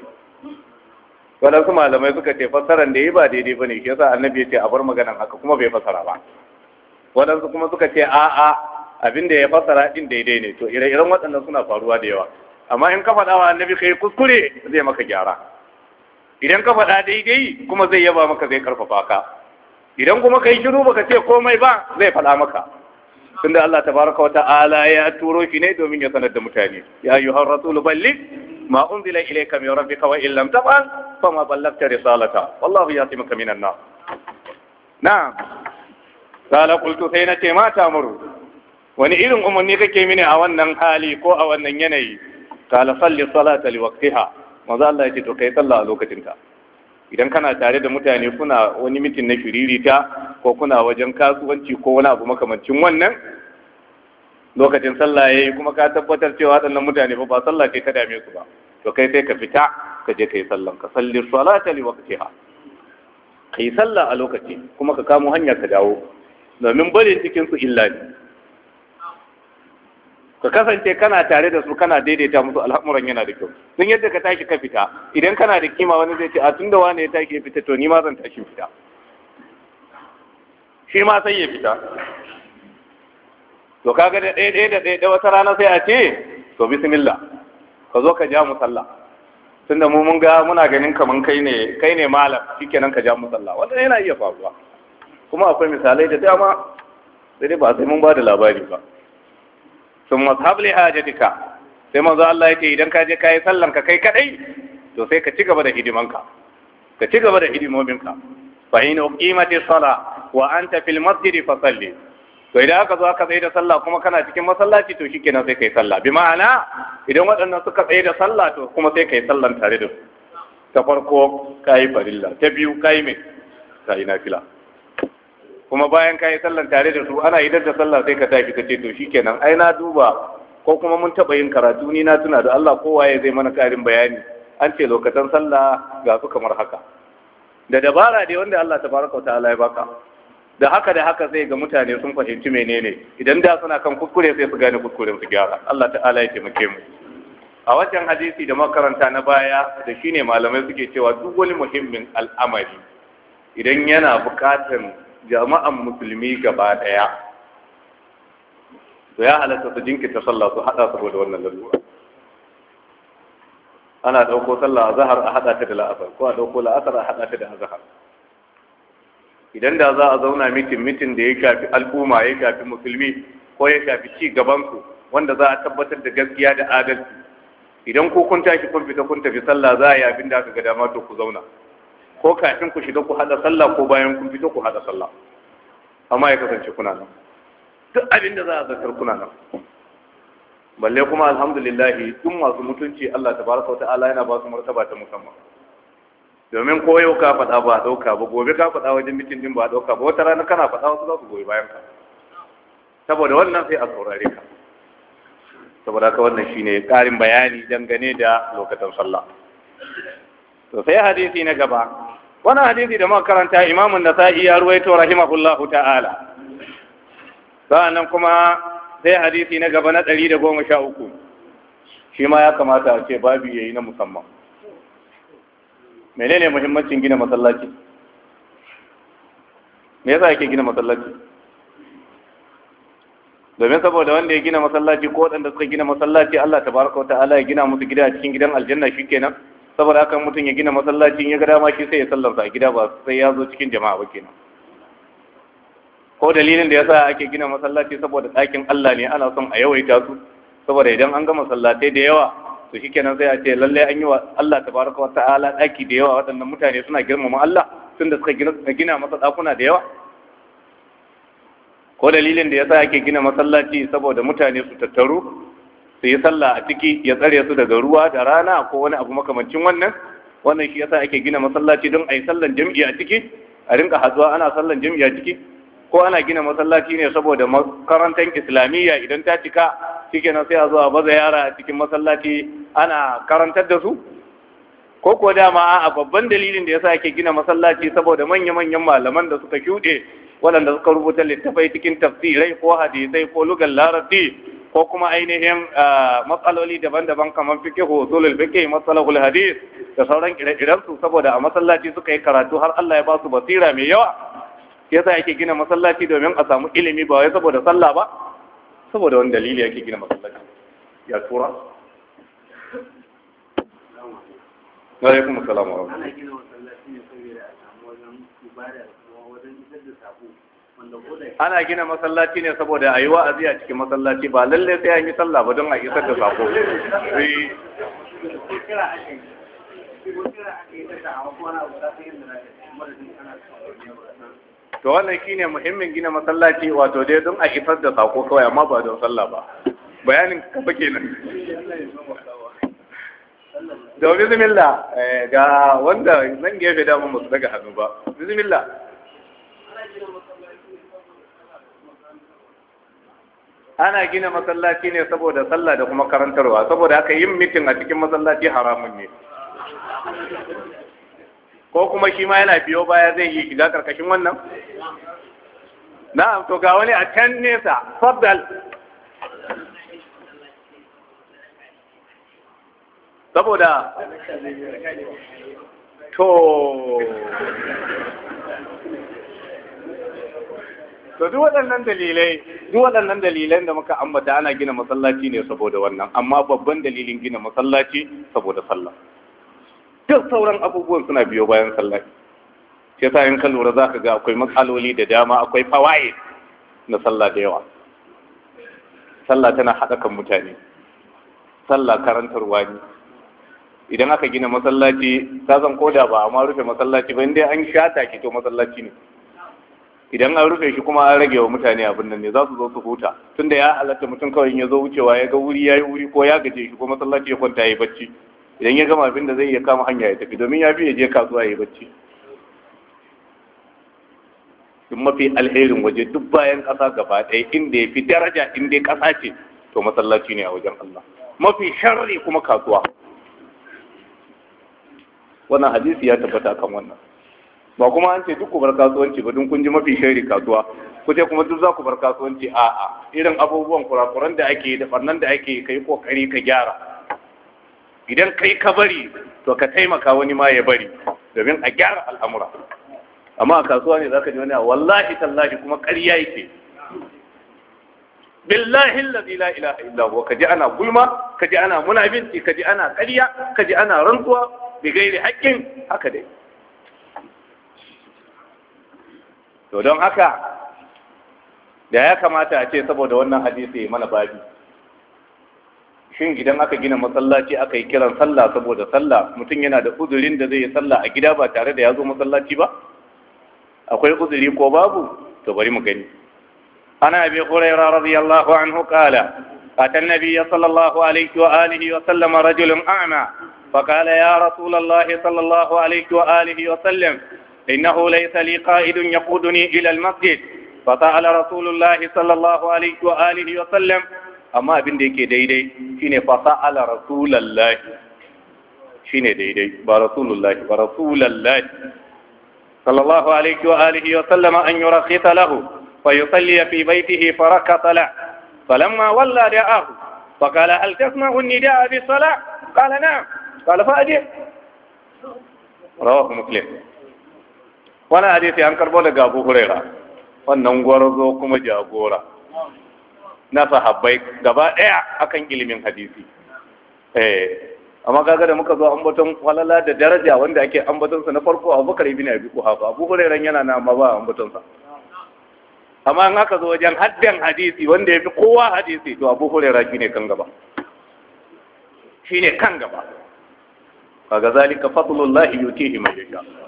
waɗansu malamai suka ce fassaran da yi ba daidai ba ne shi yasa annabi ya ce a bar maganan haka kuma bai fassara ba waɗansu kuma suka ce a'a abin da ya fassara din daidai ne to ire-iren waɗannan suna faruwa da yawa amma in ka faɗa wa annabi yi kuskure zai maka gyara idan ka faɗa daidai kuma zai yaba maka zai karfafa ka idan kuma kai shiru baka ce komai ba zai faɗa maka tunda Allah tabaraka wa ta'ala ya turo shi ne domin ya sanar da mutane ya ayyuhar rasulu balli ma unzila ilayka min rabbika wa illam taf'al fama ballagta risalata wallahu yasimuka minan nas na'am qala qultu sai na ce ma wani irin umarni kake mini a wannan hali ko a wannan yanayi qala salli salata liwaqtiha manzo Allah ya ce to kai sallah a lokacin idan kana tare da mutane kuna wani mitin na ta, ko kuna wajen kasuwanci ko wani abu makamancin wannan lokacin sallah yi kuma ka tabbatar cewa waɗannan mutane ba sallah ce ta dame su ba to kai sai ka fita ka je kai sallan ka salli salata li waqtiha kai sallah a lokaci kuma ka kamo hanya ka dawo domin bare cikin su illa ne ka kasance kana tare da su kana daidaita musu al'amuran yana da kyau Sun yadda ka tashi ka fita idan kana da kima wani zai ce a tun da wani ya tashi ya fita to ni ma zan tashi fita shi ma sai ya fita to kaga da ɗaya da ɗaya da wata rana sai a ce to bismillah ka zo ka ja mu sallah tunda mu mun ga muna ganin kamar kai ne kai ne malam shikenan ka ja mu sallah wannan yana iya faruwa kuma akwai misalai da dama sai dai ba sai mun ba da labari ba sun mazhab li hajatika sai manzo Allah yake idan ka je ka yi sallan ka kai kadai to sai ka ci gaba da hidimanka ka ci gaba da hidimominka fa in uqimati sala wa anta fil masjid fa salli to idan aka zo aka tsaye da sallah kuma kana cikin masallaci to shikenan sai kai sallah bi ma'ana idan waɗannan suka tsaye da sallah to kuma sai kai sallan tare da su ta farko kayi farilla ta biyu kayi mai kayi nafila kuma bayan ka yi sallan tare da su ana idan da sallah sai ka tafi ka ce to shikenan ai na duba ko kuma mun taɓa yin karatu ni na tuna da Allah kowa ya zai mana karin bayani an ce lokacin sallah ga su kamar haka da dabara dai wanda Allah tabaraka wa ta'ala ya baka da haka da haka sai ga mutane sun fahimci menene idan da suna kan kuskure sai su gane kuskuren su gyara Allah ta'ala ya taimake mu a wajen hadisi da makaranta na baya da shine malamai suke cewa duk wani muhimmin al'amari idan yana buƙatar jama'an musulmi gaba ɗaya to ya halatta su jinkirta sallah su haɗa saboda wannan lalura ana ɗauko sallah a zahar a hada ta da la'asar ko a ɗauko la'asar a hada ta da azahar idan da za a zauna mitin mitin da ya shafi al'umma ya shafi musulmi ko ya shafi ci gabansu wanda za a tabbatar da gaskiya da adalci idan ko kun tashi kun fita kun tafi sallah za a yi abin da aka ga dama to ku zauna ko kafin ku shiga ku hada sallah ko bayan kun fito ku hada sallah amma ya kasance kuna nan duk abin da za a zartar kuna nan balle kuma alhamdulillahi duk masu mutunci Allah tabaraka wata'ala yana ba su martaba ta musamman domin ko yau ka faɗa ba a ɗauka ba gobe ka faɗa wajen mitin din ba a ɗauka ba wata rana kana faɗa wasu za su goyi bayan ka saboda wannan sai a saurare ka saboda ka wannan shine ƙarin bayani dangane da lokacin sallah to sai hadisi na gaba wani hadisi da karanta imamun da sa'i ya ruwaito rahimahullahu ta'ala nan kuma sai hadisi na gaba na ɗari da goma sha uku shi ma ya kamata a ce babu yayi na musamman ne muhimmancin gina masallaci me yasa yake gina masallaci domin saboda wanda ya gina masallaci ko waɗanda suka gina masallaci Allah baraka wa ta'ala ya gina musu gida a cikin gidan aljanna shi kenan saboda haka mutum ya gina masallacin ya ga dama shi sai ya sallarsa a gida ba sai ya zo cikin jama'a ba kenan ko dalilin da yasa ake gina masallaci saboda ɗakin Allah ne ana son a yawaita su saboda idan an ga masallatai da yawa to shikenan sai a ce lalle an yi wa Allah tabaraka wa ta'ala ɗaki da yawa waɗannan mutane suna girmama Allah tunda suka gina masa ɗakuna da yawa ko dalilin da yasa ake gina masallaci saboda mutane su tattaru su yi sallah a ciki ya tsare su daga ruwa da rana ko wani abu makamancin wannan wannan shi yasa ake gina masallaci don a yi sallan jam'i a ciki a rinka hatsuwa ana sallan jam'i a ciki ko ana gina masallaci ne saboda makarantar islamiyya idan ta cika shike na sai a zo baza yara a cikin masallaci ana karantar da su ko ko dama a babban dalilin da yasa ake gina masallaci saboda manya-manyan malaman da suka shuɗe waɗanda suka rubuta littafai cikin tafsirai ko hadisai ko lugan larabci ko kuma ainihin ah, matsaloli daban-daban kamar fiqh usulul fiqh masalahul hadis da sauran ire-iren saboda a masallaci suka yi karatu har Allah ya ba su basira mai yawa yasa yake gina masallaci domin a samu ilimi ba wai saboda sallah ba saboda wani dalili yake gina masallaci ya tura Wa alaikum ana gina masallaci ne saboda a yi wa'azi a cikin masallaci ba lalle sai an yi sallah ba don a isar da sako eh. to wannan shine muhimmin gina masallaci wato dai don a isar da sako kawai amma ba don sallah ba bayanin kafa kenan da bismillah eh, ga wanda nan gefe damar musu daga hannu ba bismillah ana gina masallaci ne saboda sallah da kuma karantarwa saboda aka yin mitin a cikin masallaci haramun ne ko kuma shi ma yana biyo baya zai yi shiga karkashin wannan na'am to ga wani a can nesa faddal saboda to to duk waɗannan dalilai duk waɗannan dalilan da muka ambata ana gina masallaci ne saboda wannan amma babban dalilin gina masallaci saboda sallah duk sauran abubuwan suna biyo bayan sallah shi yasa in ka lura za ka ga akwai matsaloli da dama akwai fawaye na sallah da yawa sallah tana haɗa kan mutane sallah karantarwa ne idan aka gina masallaci ta zan koda ba ma rufe masallaci ba dai an shata ki to masallaci ne idan an rufe shi kuma an rage wa mutane abin nan ne za su zo su huta tunda ya halatta mutum kawai ya zo wucewa ya ga wuri ya yi wuri ko ya gaje shi ko masallaci ya kwanta ya yi bacci idan ya gama abin da zai iya kama hanya ya tafi domin ya fi ya je kasuwa ya yi bacci in mafi alherin waje duk bayan ƙasa gaba ɗaya inda ya fi daraja inda dai ƙasa ce to masallaci ne a wajen Allah mafi sharri kuma kasuwa wannan hadisi ya tabbata kan wannan ba kuma an ce duk ku bar kasuwanci ba dun kun ji mafi shari kasuwa ku ce kuma duk za ku bar kasuwanci a a irin abubuwan kurakuran da ake da farnan da ake kai kokari ka gyara idan kai ka bari to ka taimaka wani ma ya bari domin a gyara al'amura amma a kasuwa ne za ka ji wani a wallahi tallahi kuma ƙarya yake billahi allazi la ilaha illa huwa kaji ana gulma kaji ana munafinci kaji ana ƙarya kaji ana rantsuwa bi gairi haƙƙin haka dai to don haka da ya kamata a ce saboda wannan hadisi mana babi shin idan aka gina masallaci aka yi kiran sallah saboda sallah mutum yana da uzurin da zai yi sallah a gida ba tare da ya zo masallaci ba akwai uzuri ko babu to bari mu gani ana bi huraira radiyallahu anhu qala sallallahu alaihi wa alihi wa sallam rajulun a'ma fa qala ya rasulullahi sallallahu alaihi wa alihi wa sallam. إنه ليس لي قائد يقودني إلى المسجد فسأل رسول الله صلى الله عليه وآله وسلم أما أبن ديك ديدي شيني فسأل رسول الله شيني ديدي برسول الله برسول الله صلى الله عليه وآله وسلم أن يرخص له فيصلي في بيته فركض له فلما ولى دعاه فقال هل تسمع النداء بالصلاة قال نعم قال فأجب رواه مسلم wani hadisi an karbo daga abu hurera, wannan gwarzo kuma jagora na sahabbai gaba ɗaya akan ilimin hadisi eh amma kaga da muka zo ambaton walala da daraja wanda ake ambaton sa na farko Abubakar ibn Abi Quhafa Abu Hurairah yana na amma ba ambaton sa amma in aka zo wajen haddan hadisi wanda ya fi kowa hadisi to Abu Hurairah shine kan gaba shine kan gaba kaga zalika fadlullahi yutihi man yasha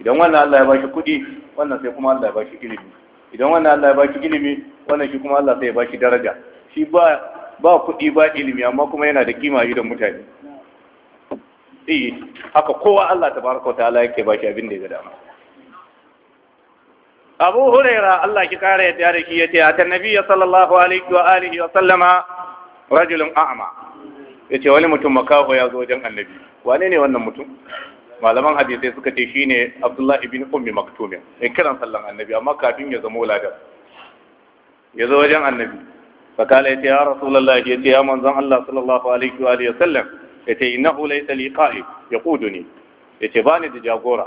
idan wannan Allah ya bashi kuɗi wannan sai kuma Allah ya bashi ilimi idan wannan Allah ya bashi ilimi wannan shi kuma Allah sai ya bashi daraja shi ba ba kuɗi ba ilimi amma kuma yana da kima idan mutane eh haka kowa Allah tabaraka wa ta'ala yake bashi abin da ya gada dama abu huraira Allah ki kare ya tare shi yace atan nabiyyi sallallahu alaihi wa alihi wa sallama rajulun a'ma yace wani mutum makaho ya zo wajen annabi wane ne wannan mutum malaman hadisai suka ce shine abdullahi bin ummi Maktumin, ya kiran sallan annabi amma kafin ya zama wuladar. ya zo wajen annabi fakala ce ya rasulullahi yace ya manzon Allah sallallahu alaihi wa Ya ce alihi wasallam yace innahu laysa ne? Ya ce ba ni da jagora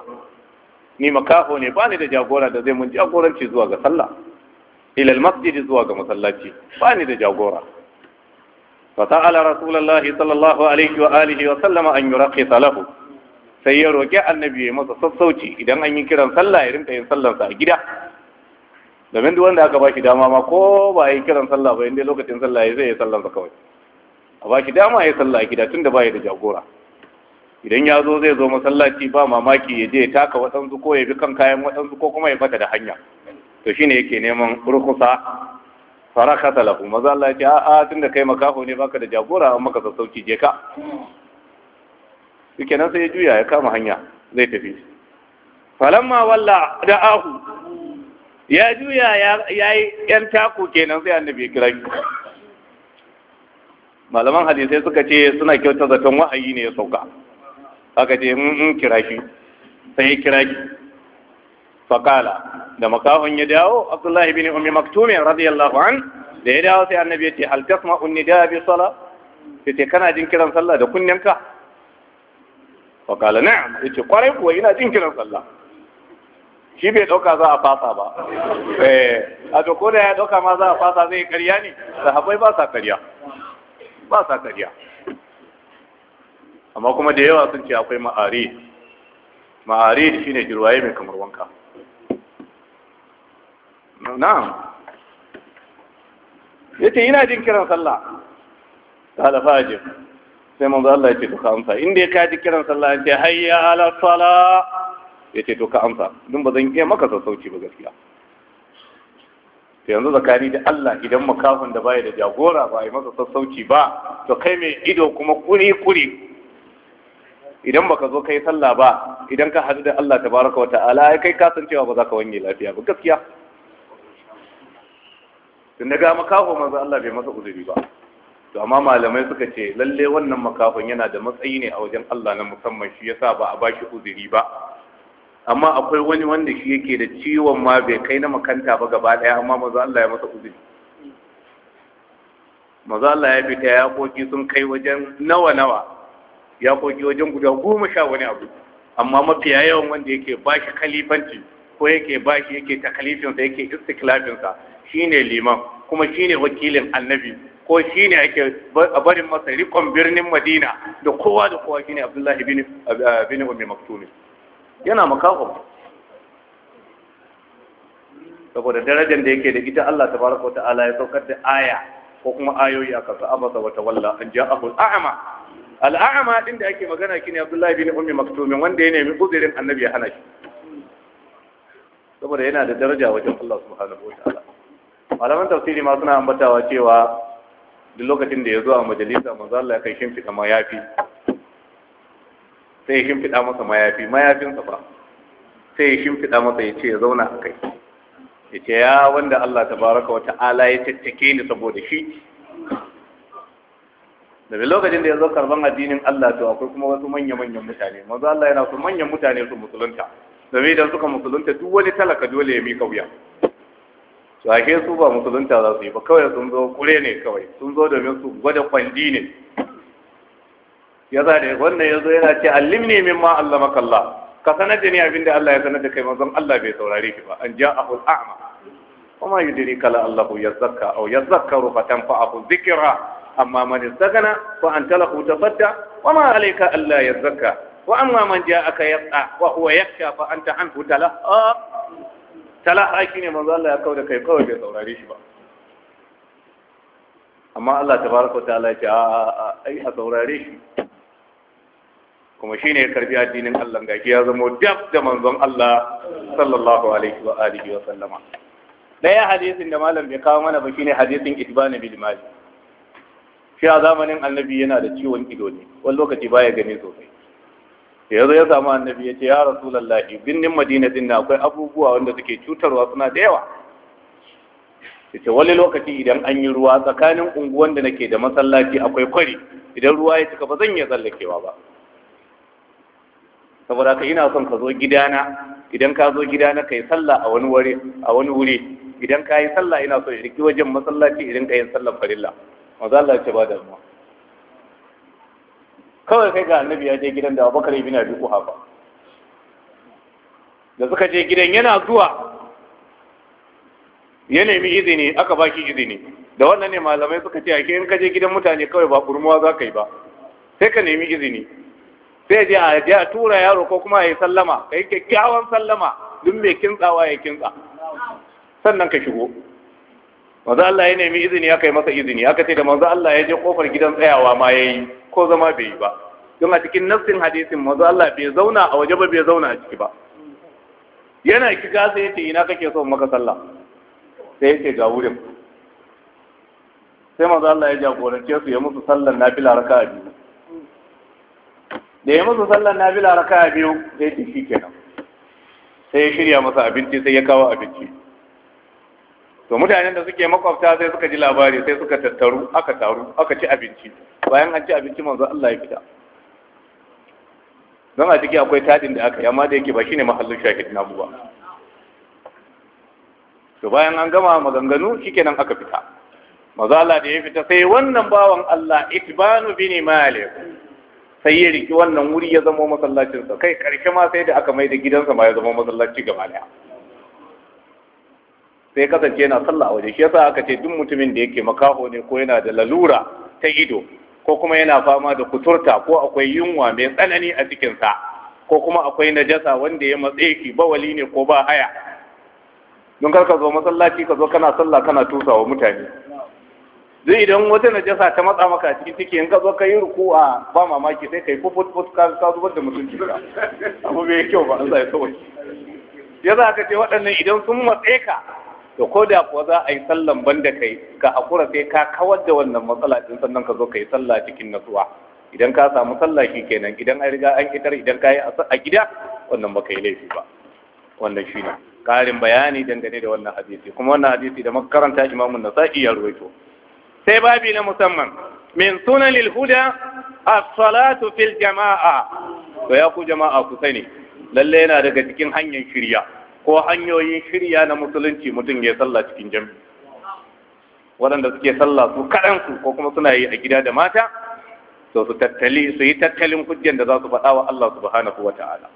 ni makaho ne ba ni da jagora da zai mun jagoranci zuwa ga sallah ila al-masjid zuwa ga masallaci ba ni da jagora fa ta'ala rasulullahi sallallahu alaihi wa alihi wa sallama an yuraqisa lahu sai ya roƙi annabi ya masa sassauci idan an yi kiran sallah ya rinka yin sallansa a gida domin duk wanda aka ba shi dama ma ko ba yi kiran sallah ba inda lokacin sallah ya zai yi sallansa kawai a ba shi dama ya sallah a gida tunda ba ya da jagora idan ya zo zai zo masallaci ba mamaki ya je ya taka waɗansu ko ya bi kan kayan waɗansu ko kuma ya bata da hanya to shine yake neman rukusa farakata lahu maza Allah ya ce a'a tunda kai makaho ne baka da jagora an maka sassauci je ka suke nan sai ya juya ya kama hanya zai tafi falamma walla da'ahu ya juya ya yi yan taku kenan sai annabi ya kira shi malaman hadisai suka ce suna kyauta zaton wahayi ne ya sauka aka ce in kira shi sai ya kira shi fakala da makahon ya dawo abdullahi bin ummi maktumin radiyallahu an da ya dawo sai annabi ya ce hal tasma'u nida bi sala yace kana jin kiran sallah da kunyanka wakala na ya ce kwarai kuwa ina jin kiran sallah shi bai dauka za a fasa ba eh, a to ko da ya dauka ma za a fasa zai karya ne haɓai ba sa karya ba sa karya amma kuma da yawa sun ce akwai ma'ari ma'ari shine jirwaye mai kamar wanka ya ce ina jin kiran sallah ta fajir sai manzo Allah ya ce to ka amsa inda ya kaji kiran sallah ya ce hayya ala sala ya ce to ka amsa dun ba zan iya maka sassauci ba gaskiya sai yanzu zakani da Allah idan makafin da baya da jagora ba yi masa sassauci ba to kai mai ido kuma kuri kuri idan baka zo kai sallah ba idan ka hadu da Allah tabaraka wa ta'ala kai ka san cewa ba za ka wange lafiya ba gaskiya tun daga makaho manzo Allah bai masa uzuri ba to amma malamai suka ce lalle wannan makafin yana da matsayi ne a wajen Allah na musamman shi yasa ba a bashi uzuri ba amma akwai wani wanda shi yake da ciwon ma bai kai na makanta ba gaba daya amma maza Allah ya masa uzuri maza Allah ya fita ya koki sun kai wajen nawa nawa ya koki wajen guda goma sha wani abu amma mafiya yawan wanda yake bashi kalifanci ko yake bashi yake takalifinsa yake istiklafinsa shine liman kuma shine wakilin annabi ko shi ne ake barin masa rikon birnin madina da kowa da kowa shi ne abdullahi bin umar maktumin yana makakon saboda darajar da yake da ita Allah ta baraka wata ala ya saukar da aya ko kuma ayoyi a kasa abasa wata walla an ja abu al'ama al'ama din da ake magana shi ne abdullahi bin umar maktumin wanda ya nemi uzurin annabi ya hana shi saboda yana da daraja wajen Allah subhanahu wa ta'ala malaman tafsiri ma suna ambatawa cewa duk lokacin da ya zo a majalisa manzo Allah kai shimfiɗa mayafi sai ya shimfiɗa masa mayafi mayafinsa ba sai ya shimfiɗa masa ya ce ya zauna a kai ya ce ya wanda Allah tabaraka wa ta'ala ya tattake ni saboda shi bi lokacin da ya zo karban addinin Allah to akwai kuma wasu manya-manyan mutane manzo Allah yana so manyan mutane su musulunta domin idan suka musulunta duk wani talaka dole ya mika wuya to su ba musulunta za su yi ba kawai sun zo kure ne kawai sun zo domin su gwada kwandi ne ya za da wannan ya zo yana ce allimni min ma Allah makalla. ka sanar da ni da Allah ya sanar da kai manzon Allah bai saurare ki ba an ja'ahu al'ama وما يدريك لعله يزكى أو يذكر فتنفعه الذكرى أما من استغنى فأنت له تصدى وما عليك ألا يزكى وأما من wa يسعى وهو يخشى فأنت عنه tala? talaha shi ne manzo Allah ya kawo da kai kawai bai saurare shi ba amma Allah ta wa ta'ala ya ce a ai a saurare shi kuma shine ya karbi addinin Allah gaki ya zama dab da manzon Allah sallallahu alaihi wa alihi wa sallama daya hadisin da malam bai kawo mana ba shine hadisin itbani bil mali shi a zamanin annabi yana da ciwon ido ne wani lokaci baya gani sosai Ya zo ya samu annabi ya ce ya rasulallahi binnin madina din na akwai abubuwa wanda suke cutarwa suna da yawa Ya ce wani lokaci idan an yi ruwa tsakanin unguwan da nake da masallaci akwai kwari idan ruwa ya cika ba zan iya tsallakewa ba saboda ka ina son ka zo gidana idan ka zo gidana ka yi sallah a wani wuri a wani wuri idan ka yi sallah ina so ya riki wajen masallaci idan ka yi sallah farilla maza Allah ya ce ba da mu kawai kai ga annabi ya je gidan da abubakar bi abi ba. da suka je gidan yana zuwa ya nemi izini aka baki izini da wannan ne malamai suka ce ake in ka je gidan mutane kawai ba kurmuwa za ka yi ba sai ka nemi izini sai je a je a tura yaro ko kuma a yi sallama ka yi kyakkyawan sallama duk mai kintsawa ya kintsa sannan ka shigo manzo Allah ya nemi izini aka yi masa izini aka ce da manzo Allah ya je kofar gidan tsayawa ma yayi ko zama bai yi ba don a cikin nafsin hadisin manzo Allah bai zauna a waje ba bai zauna a ciki ba yana kika sai yace ina kake so maka sallah sai yace ga wurin sai manzo Allah ya jagorance su ya musu sallar nafila raka'a biyu da ya musu sallar nafila raka'a biyu sai ya ce kenan. sai ya shirya masa abinci sai ya kawo abinci to mutanen da suke makwabta sai suka ji labari sai suka tattaru aka taru aka ci abinci bayan an ci abinci manzo Allah ya fita don a ciki akwai tadin da aka yi amma da yake ba shine mahallin shahid na buwa to bayan an gama maganganu shikenan aka fita manzo Allah da ya fita sai wannan bawan Allah itbanu Bini malik sai ya riki wannan wuri ya zama masallacinsa kai karshe ma sai da aka mai da gidansa ma ya zama masallaci gaba daya sai kasance yana sallah a waje shi yasa aka ce duk mutumin da yake makaho ne ko yana da lalura ta ido ko kuma yana fama da kuturta ko akwai yunwa mai tsanani a cikinsa ko kuma akwai najasa wanda ya matse ki bawali ne ko ba haya don kar ka zo masallaci ka zo kana sallah kana tusa wa mutane zai idan wata najasa ta matsa maka a cikin ciki in ka zo ka yi rukuwa ba mamaki sai ka yi fufut fufut ka zubar da mutunci ka abu bai kyau ba Allah ya sauke yasa aka ce waɗannan idan sun matse ka to ko da kuwa za a yi sallan banda kai ka hakura sai ka kawar da wannan matsala din sannan ka zo ka yi sallah cikin natsuwa idan ka samu sallah shi kenan idan an riga an kitar idan ka yi a gida wannan baka yi laifi ba wannan shine karin bayani dangane da wannan hadisi kuma wannan hadisi da makaranta imamun nasa'i ya ruwaito sai babi na musamman min sunan huda as-salatu fil jama'a to ya ku jama'a ku sani lalle yana daga cikin hanyar shirya ko hanyoyin shirya na musulunci mutum ya sallah cikin jami'i waɗanda suke sallah su kaɗansu ko kuma suna yi a gida da mata to su tattali su yi tattalin hujjan da za su faɗa wa Allah subhanahu wa ta'ala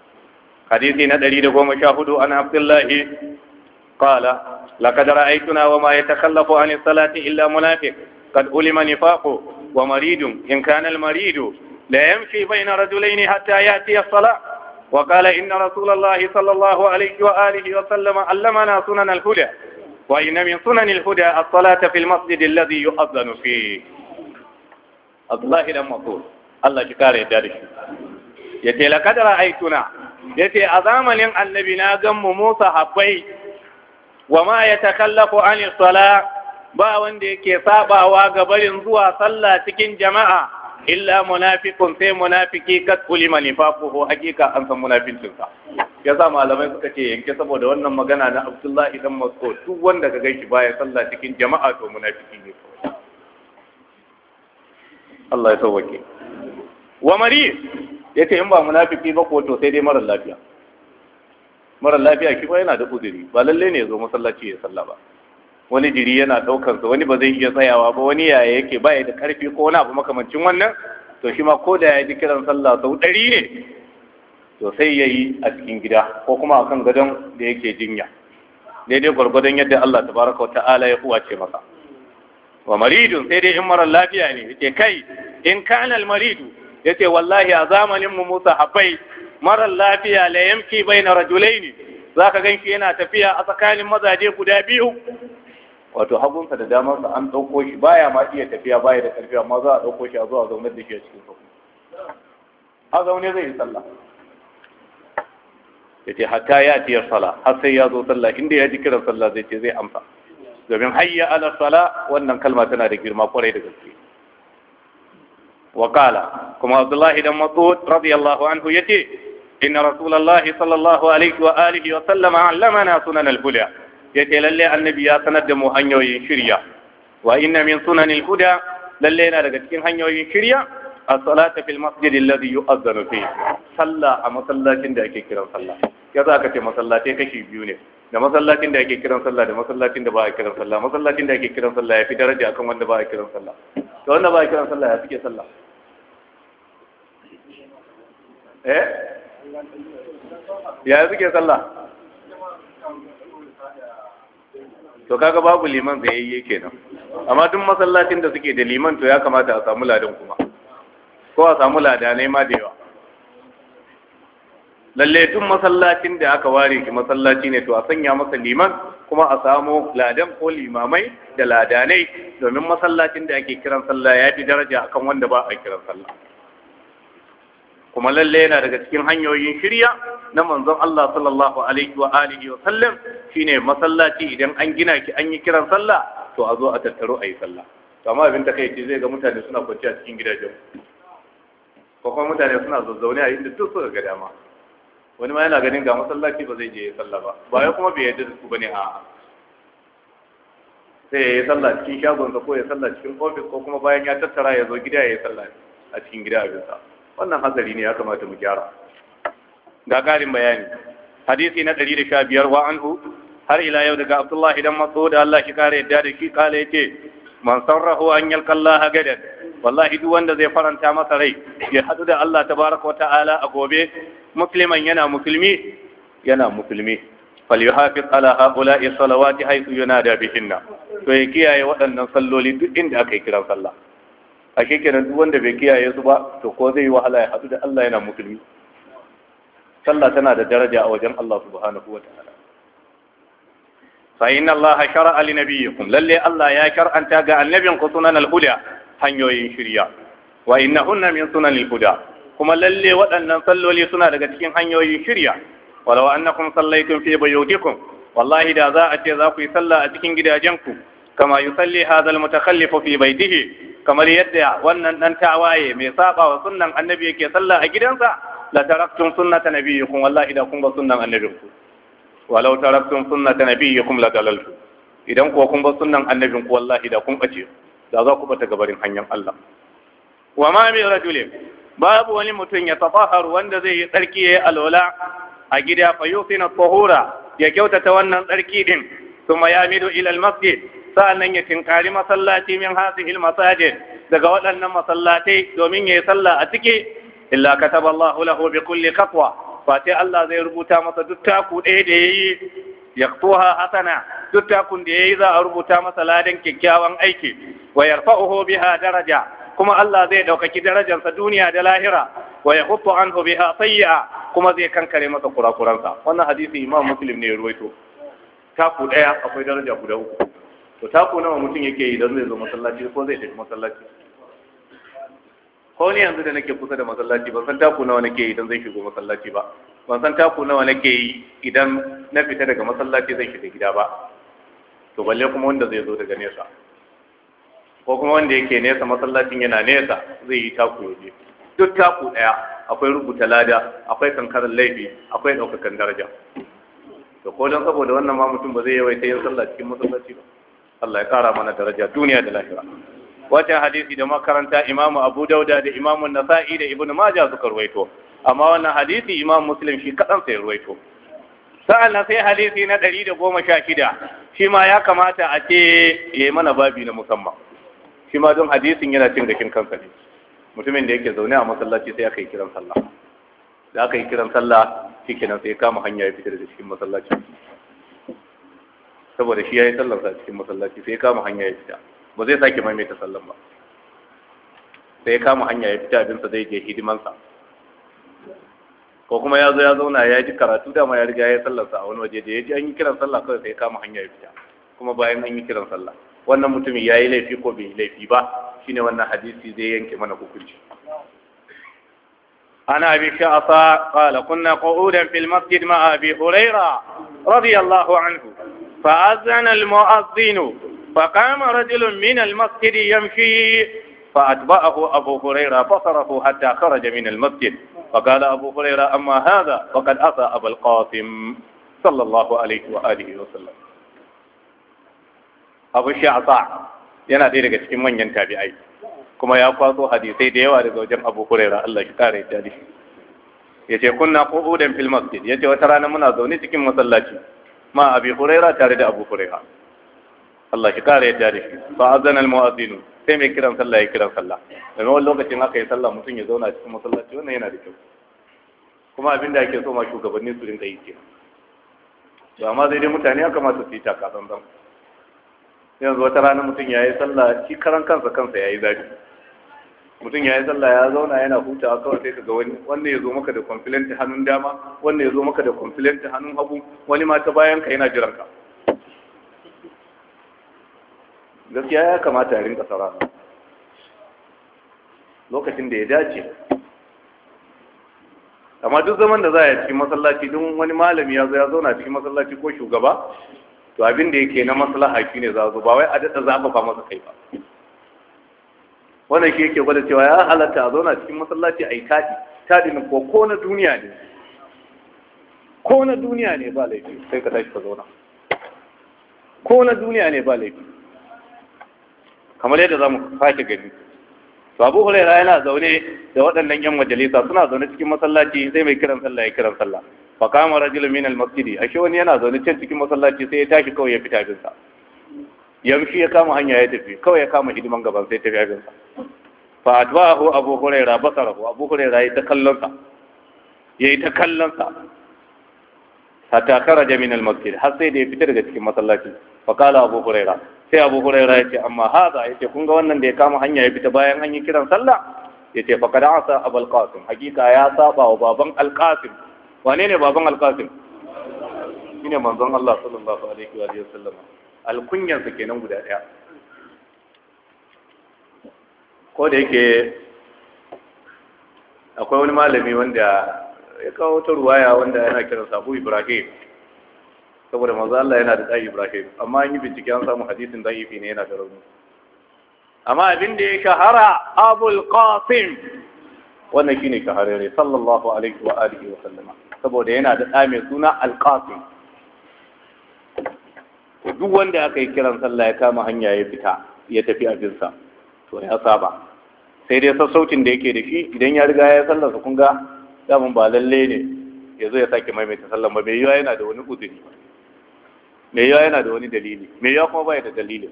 hadisi na ɗari da goma sha hudu an abdullahi qala laqad ra'aytuna wa ma yatakhallafu an salati illa munafiq qad ulima nifaqu wa maridun in kana al maridu la yamshi bayna rajulaini hatta yati as-salah وقال إن رسول الله صلى الله عليه وآله وسلم علمنا سنن الهدى وإن من سنن الهدى الصلاة في المسجد الذي يؤذن فيه الله بن مسعود الله كتاره داري yace la kadara aituna yace a zamanin annabi na gan mu Musa habbai wa ma yatakallafu an sala ba wanda yake sabawa ga barin zuwa sallah cikin jama'a illa munafiqun sai munafiki kad ulima nifaquhu hakika an san munafiqin sa yasa malamai suka ce yanke saboda wannan magana na Abdullahi dan Mas'ud duk wanda ka gaishe baya sallah cikin jama'a to munafiki ne Allah ya sauke wa mari yake in ba munafiki ba ko to sai dai mara lafiya mara lafiya shi ba yana da uzuri ba lalle ne ya zo masallaci ya salla ba wani jiri yana ɗaukar ɗaukansa wani ba zai iya tsayawa ba wani yaya yake baya da karfi ko wani abu makamancin wannan to shi ma ko da ya ji kiran sallah sau ɗari ne to sai ya yi a cikin gida ko kuma a kan gadon da yake jinya daidai gwargwadon yadda Allah baraka wa ta'ala ya uwace masa wa maridun sai dai in marar lafiya ne yake kai in kanal maridu yace wallahi a zamanin mu Musa habai marar lafiya la yamki baina rajulaini zaka ganki yana tafiya a tsakanin mazaje guda biyu wato hagunsa da damarsa an ɗauko shi baya ma iya tafiya baya da ƙarfi amma za a ɗauko shi a zuwa zaunar da shi a cikin sahu a zaune zai yi sallah ya ce hatta ya tiyar sallah har sai ya zo sallah inda ya ji kiran sallah zai ce zai amsa domin hayya ala sala wannan kalma tana da girma kwarai da gaske Wakala kuma abdullahi dan mas'ud radiyallahu anhu ya ce inna rasulullahi sallallahu alaihi wa alihi wa sallama allamana sunan al-huda yace lalle annabi ya sanar da mu hanyoyin shirya wa inna min sunanil huda lalle yana daga cikin hanyoyin shirya as-salatu fil masjid alladhi yu'adhdhanu fi sallah a masallacin da ake kiran sallah yaza aka ce masallatai kashi biyu ne da masallacin da ake kiran sallah da masallacin da ba a kiran sallah masallacin da ake kiran sallah ya fi daraja akan wanda ba a kiran sallah da wanda ba a kiran sallah ya fi sallah eh ya suke sallah to kaga babu liman tsayayye kenan amma duk masallacin da suke da liman to ya kamata a samu ladan kuma ko a samu ladanai ma da yawa lalle duk masallacin da aka ware shi masallaci ne to a sanya masa liman kuma a samu ladan ko limamai da ladanai domin masallacin da ake kiran sallah ya fi daraja akan wanda ba a kiran sallah kuma lalle yana daga cikin hanyoyin shirya na manzon Allah sallallahu alaihi wa alihi wa sallam shine masallaci idan an gina ki an yi kiran sallah to a zo a tattaro ayi sallah to amma abin takeici zai ga mutane suna kwanciya cikin gidajen ko kuma mutane suna zazzaune a inda duk suka ga dama wani ma yana ganin ga masallaci ba zai je ya sallah ba ba ya kuma bai yadda da su bane a sai ya yi sallah cikin shagonsa ko ya sallah cikin ofis ko kuma bayan ya tattara ya zo gida ya yi sallah a cikin gida abinsa wannan hatsari ne ya kamata mu gyara ga ƙarin bayani hadisi na 115 wa anhu har ila yau daga abdullahi dan maso da Allah shi kare yadda da shi kala yace man sarrahu an yalqa Allah gadan wallahi duk wanda zai faranta masa rai ya hadu da Allah tabaraka ta'ala a gobe musliman yana musulmi yana musulmi falyuhafiz ala haula'i salawati haythu yunada bihinna to ya kiyaye waɗannan salloli duk inda aka yi kiran sallah a kenan duk wanda bai kiyaye su ba to ko zai yi wahala ya haɗu da Allah yana musulmi sallah tana da daraja a wajen Allah subhanahu wa ta'ala fa inna Allah shar'a li lalle Allah ya shar'anta ga annabin ku sunan al-huda hanyoyin shirya wa innahunna min sunan al-huda kuma lalle waɗannan salloli suna daga cikin hanyoyin shirya walau annakum sallaytum fi buyutikum wallahi da za a ce za ku yi sallah a cikin gidajenku kama yusalli hadha al-mutakhallif fi baitihi kamar yadda wannan dan tawaye mai saba wa sunnan annabi yake sallah a gidansa la taraktum sunnata nabiyikum wallahi da kun ba sunnan annabinku walau taraktum sunnata nabiyikum la dalaltu idan ko kun ba sunnan annabinku wallahi da kun bace da za ku bata gabarin hanyar Allah wa ma min rajulin babu wani mutum ya tafahar wanda zai yi tsarki ya yi alwala a gida fa yusina tahura ya kyautata wannan tsarki din kuma ya mido ila masjid sa'annan ya tinkari masallaci min hasihil masajid daga waɗannan masallatai domin ya yi sallah a ciki illa taba Allah lahu bi kulli qatwa fa sai Allah zai rubuta masa duk taku ɗaya da yayi yaqtuha hasana duk takun da yayi za a rubuta masa ladan kyakkyawan aiki wa yarfa'uhu biha daraja kuma Allah zai ɗaukaki darajarsa duniya da lahira wa an anhu biha sayya. kuma zai kankare masa kurakuransa wannan hadisi Imam Muslim ne ya ruwaito taku ɗaya akwai daraja guda uku to tako nawa mutum yake yi don zai zo masallaci ko zai tafi masallaci ko ni yanzu da nake kusa da masallaci ban san tako nawa nake yi don zai shigo masallaci ba ban san tako nawa nake yi idan na fita daga masallaci zai shiga gida ba to balle kuma wanda zai zo daga nesa ko kuma wanda yake nesa masallacin yana nesa zai yi taku yaje duk taku daya akwai rubuta lada akwai kankarar laifi akwai ɗaukakan daraja to ko don saboda wannan ma mutum ba zai yawaita yin sallah cikin masallaci ba Allah ya ƙara mana daraja duniya da lahira wata hadisi da makaranta Imam Abu Dauda da Imam Nasa'i da Ibn Majah suka ruwaito amma wannan hadisi Imam Muslim shi kadan sai ruwaito sa'an nan sai hadisi na shida, shi ma ya kamata a ce yi mana babi na musamman shi ma don hadisin yana cin gashin kansa ne mutumin da yake zaune a masallaci sai aka yi kiran sallah da aka yi kiran sallah shikenan sai kama hanya ya fitar da cikin masallaci saboda shi ya yi sallarsa cikin masallaci sai ya kama hanya ya fita ba zai sake maimaita sallan ba sai ya kama hanya ya fita abinsa zai je hidimansa ko kuma ya zo ya zauna ya ji karatu dama ya riga ya yi sallarsa a wani waje da ya ji an yi kiran sallah kawai sai ya kama hanya ya fita kuma bayan an yi kiran sallah wannan mutumin ya yi laifi ko bai yi laifi ba shine wannan hadisi zai yanke mana hukunci عن أبي شعصة قال كنا قعودا في المسجد مع أبي هريرة رضي الله عنه فأذن المؤذن فقام رجل من المسجد يمشي فأتبعه أبو هريرة فصرفه حتى خرج من المسجد فقال أبو هريرة أما هذا فقد أتى أبا القاسم صلى الله عليه وآله وسلم أبو الشعصاع yana ɗaya daga cikin manyan tabi'ai kuma ya kwaso hadisai da yawa daga wajen Abu Hurairah Allah ya kare ya ce yace kunna qu'udan fil masjid yace wata rana muna zaune cikin masallaci ma abi huraira tare da abu huraira Allah ki kare yadda da shi fa azana al mu'adhdhin sai mai kiran sallah ya kiran sallah daga wannan lokacin haka ya sallah mutum ya zauna cikin masallaci wannan yana da kyau kuma abin da ake so ma shugabanni su rinka yi ke. to amma dai dai mutane ya kamata su yi taka zanzan yanzu wata rana mutum ya yi sallah shi karan kansa kansa ya yi zafi mutum ya yi sallah ya zauna yana hutawa kawai sai ga wani wannan ya zo maka da kwamfilanta hannun dama wannan ya zo maka da kwamfilanta hannun hagu wani ma ta bayan ka yana jiran ka gaskiya ya kamata ya rinka saurara lokacin da ya dace amma duk zaman da za a yi cikin masallaci don wani malami ya zo ya zauna cikin masallaci ko shugaba to abin da yake na maslaha shine za zo ba wai a daɗa zaɓa ba masa kai ba wannan ke yake gwada cewa ya halatta a zauna cikin masallaci a yi taɗi taɗi na ko ko na duniya ne ko na duniya ne ba laifi sai ka tashi ka zauna ko na duniya ne ba laifi kamar yadda za mu sake gani to abu hulaira yana zaune da waɗannan yan majalisa suna zaune cikin masallaci sai mai kiran sallah ya kiran sallah fa kama rajulun min al-masjidi ashe wani yana zaune can cikin masallaci sai ya tashi kawai ya fita bin sa yanzu shi ya kama hanya ya tafi kawai ya kama hidiman gaban sai tafi abinsa fa adwahu abu huraira basarahu abu huraira ya ta kallonsa ya yi ta kallonsa hatta kharaja min al-masjid har sai da ya fita daga cikin masallaci fa qala abu huraira sai abu huraira ya ce amma haza, ya ce kun ga wannan da ya kama hanya ya fita bayan an yi kiran sallah ya ce fa kada asa abul qasim hakika ya saba wa baban al-qasim wane ne baban al-qasim shine manzon Allah sallallahu alaihi wa sallam alkunyansa kenan guda ɗaya ko da yake akwai wani malami wanda ya kawo ta ruwaya wanda yana kiran sabu ibrahim saboda manzo Allah yana da ɗan ibrahim amma an yi bincike an samu hadisin da ifi ne yana da rauni amma abin da ya shahara abul qasim wannan shine shahararre sallallahu alaihi wa alihi wa sallama saboda yana da ɗa mai suna alƙasim. to duk wanda aka yi kiran sallah ya kama hanya ya fita ya tafi abinsa to ya saba sai dai sassaucin da yake da shi idan ya riga ya sallar su kunga, damun daman ba lalle ne ya zo ya sake maimaita sallar ba mai yiwa yana da wani uzuri mai yiwa yana da wani dalili mai yiwa kuma baya da dalili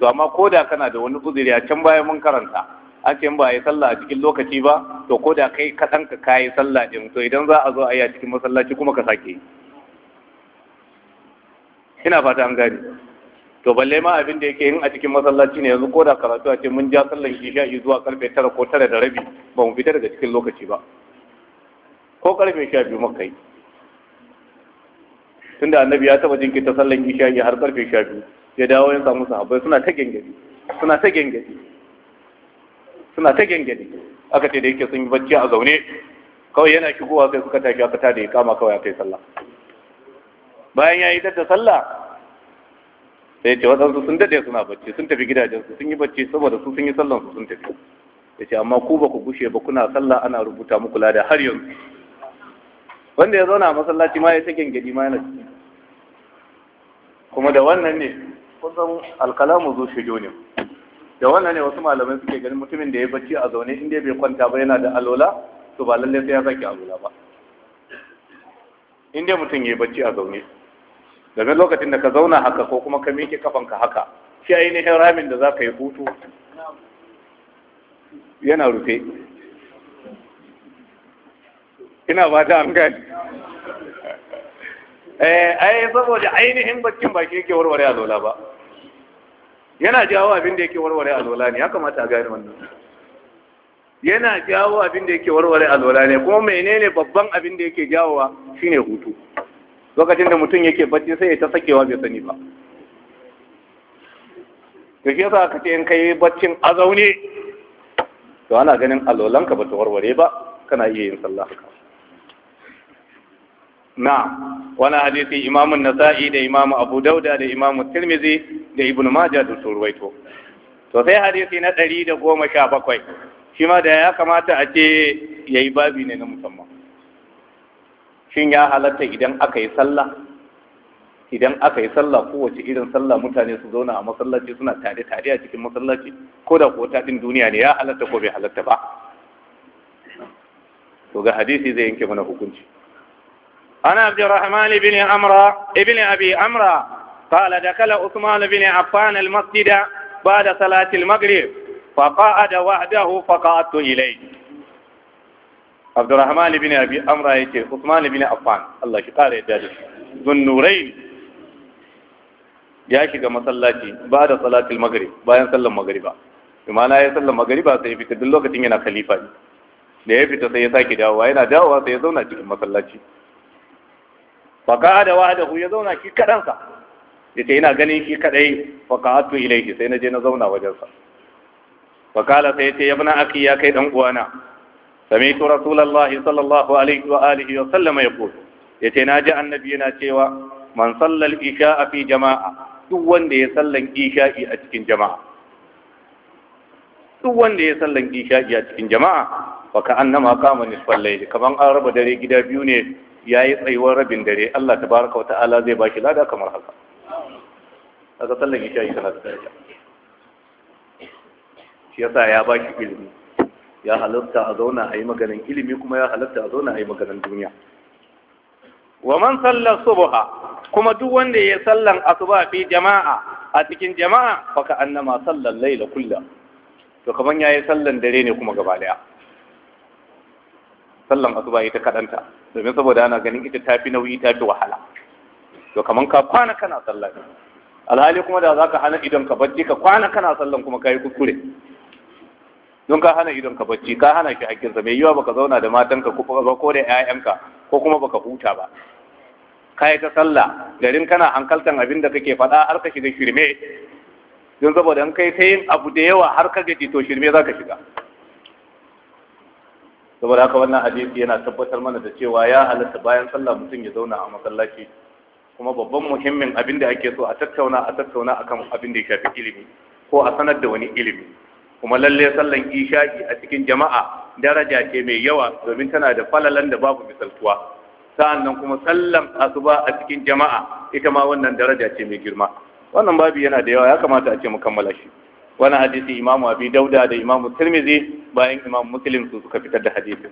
to amma ko da kana da wani uzuri a can baya mun karanta A can ba yi sallah a cikin lokaci ba to ko da kai kaɗan ka kayi sallah ɗin to idan za a zo a yi a cikin masallaci kuma ka sake yi ina fata an gane to balle ma abin da yake yin a cikin masallaci ne yanzu ko da karatu a ce mun ja sallan yi zuwa karfe tara ko tara da rabi ba mu fita daga cikin lokaci ba ko karfe sha biyu muka yi tunda annabi ya taba jinkirta sallan yi har karfe sha biyu ya dawo ya samu sahabbai suna ta gengedi suna ta gengedi suna ta gengedi aka ce da yake sun yi bacci a zaune kawai yana shigowa sai suka tafi aka tada ya kama kawai a kai sallah bayan ya yi ta sallah sai ce waɗansu sun daɗe suna bacci sun tafi gidajensu sun yi bacci saboda su sun yi sallan su sun tafi ya ce amma ku ba ku gushe ba kuna sallah ana rubuta muku lada har yanzu wanda ya zauna a masallaci ma ya ta gengedi ma yana ciki kuma da wannan ne kusan alkalamu zo shi ne da wannan ne wasu malamai suke ganin mutumin da ya bacci a zaune inda bai kwanta ba yana da alola to ba lallai sai ya sake alola ba inda mutum ya yi bacci a zaune daga lokacin da ka zauna haka ko kuma ka miƙe kafanka haka shi ainihin ramin da za ka yi hutu yana rufe ina ba ta an gani eh, ai saboda ainihin bakin baki yake warware a lola ba yana jawo abin da yake warware a lola ne ya kamata a gane wannan yana jawo abin da yake warware a lola ne kuma menene babban abin da yake jawowa shine hutu lokacin da mutum yake bacci sai ya ta sakewa bai sani ba to shi yasa ka ce in kai baccin azaune to ana ganin alolanka ba ta warware ba kana iya yin sallah haka na wani hadisi imamun nasa'i da imamu abu dauda da imamu tirmizi da ibn majah da su to sai hadisi na ɗari da goma sha bakwai shi ma da ya kamata a ce ya yi babi ne na musamman shin ya halatta idan aka yi sallah idan aka yi sallah kowace irin sallah mutane su zauna a masallaci suna tare tare a cikin masallaci ko da ko taɗin duniya ne ya halatta ko bai halatta ba to ga hadisi zai yanke mana hukunci ana abdurrahman ibn amra ibn abi amra قال دخل عثمان بن عفان المسجد بعد fa qa'ada wahdahu fa qa'adtu ilayhi Abdurrahman ibn Abi Amra yake Usman ibn Affan Allah ki kare yadda da Zunnurain ya shiga masallaci ba da salatul maghrib bayan sallar magriba imana ya sallar magriba sai ya fita duk lokacin yana khalifa ne da ya fita sai ya sake dawowa yana dawowa sai ya zauna cikin masallaci fa qa'ada wahdahu ya zauna shi kadansa yace ina ganin shi kadai fa qa'atu ilayhi sai na je na zauna wajensa fa qala sai ya ce ya ibn akhi ya kai dan uwana سمعت رسول الله صلى الله عليه وآله وسلم يقول يتناجى النبي ناتيوا من صلى الإشاء في جماعة دوان دي صلى الإشاء أتكين جماعة دوان دي صلى الإشاء أتكين جماعة وكأنما قام نصف الليل كمان أرب دري جدا بيوني ياي تسيوا ربين دري الله تبارك وتعالى زي باشي لا دا كمر حقا هذا صلى الإشاء صلى الإشاء shi yasa ya ba shi ilimi ya halatta a zauna a yi maganin ilimi kuma ya halatta a zauna a yi maganin duniya wa man sallar subha kuma duk wanda ya sallan asuba fi jama'a a cikin jama'a fa ka annama sallar laila kullum. to kaman yi sallan dare ne kuma gaba daya sallan asuba ita kadanta domin saboda ana ganin ita tafi nauyi tafi wahala to kaman ka kwana kana sallan alhali kuma da zaka hana idan ka bacci ka kwana kana sallan kuma kai kuskure don ka hana idon ka bacci ka hana shi hakkinsa mai yiwa baka zauna da matanka ko ba ko da 'ya'yanka ko kuma baka huta ba kai ta sallah garin kana hankaltan abin da kake faɗa har ka shiga shirme don saboda in kai ta yin abu da yawa har ka gaji to shirme za ka shiga saboda haka wannan hadisi yana tabbatar mana da cewa ya halatta bayan sallah mutum ya zauna a masallaci kuma babban muhimmin abin da ake so a tattauna a tattauna akan abin da ya shafi ilimi ko a sanar da wani ilimi kuma lalle sallan isha'i a cikin jama'a daraja ce mai yawa domin tana da falalan da babu misaltuwa sa'an nan kuma sallan asuba a cikin jama'a ita ma wannan daraja ce mai girma wannan babu yana da yawa ya kamata a ce mu kammala shi Wani hadisi imamu abi dauda da imamu tirmizi bayan imamu muslim su suka fitar da hadisi.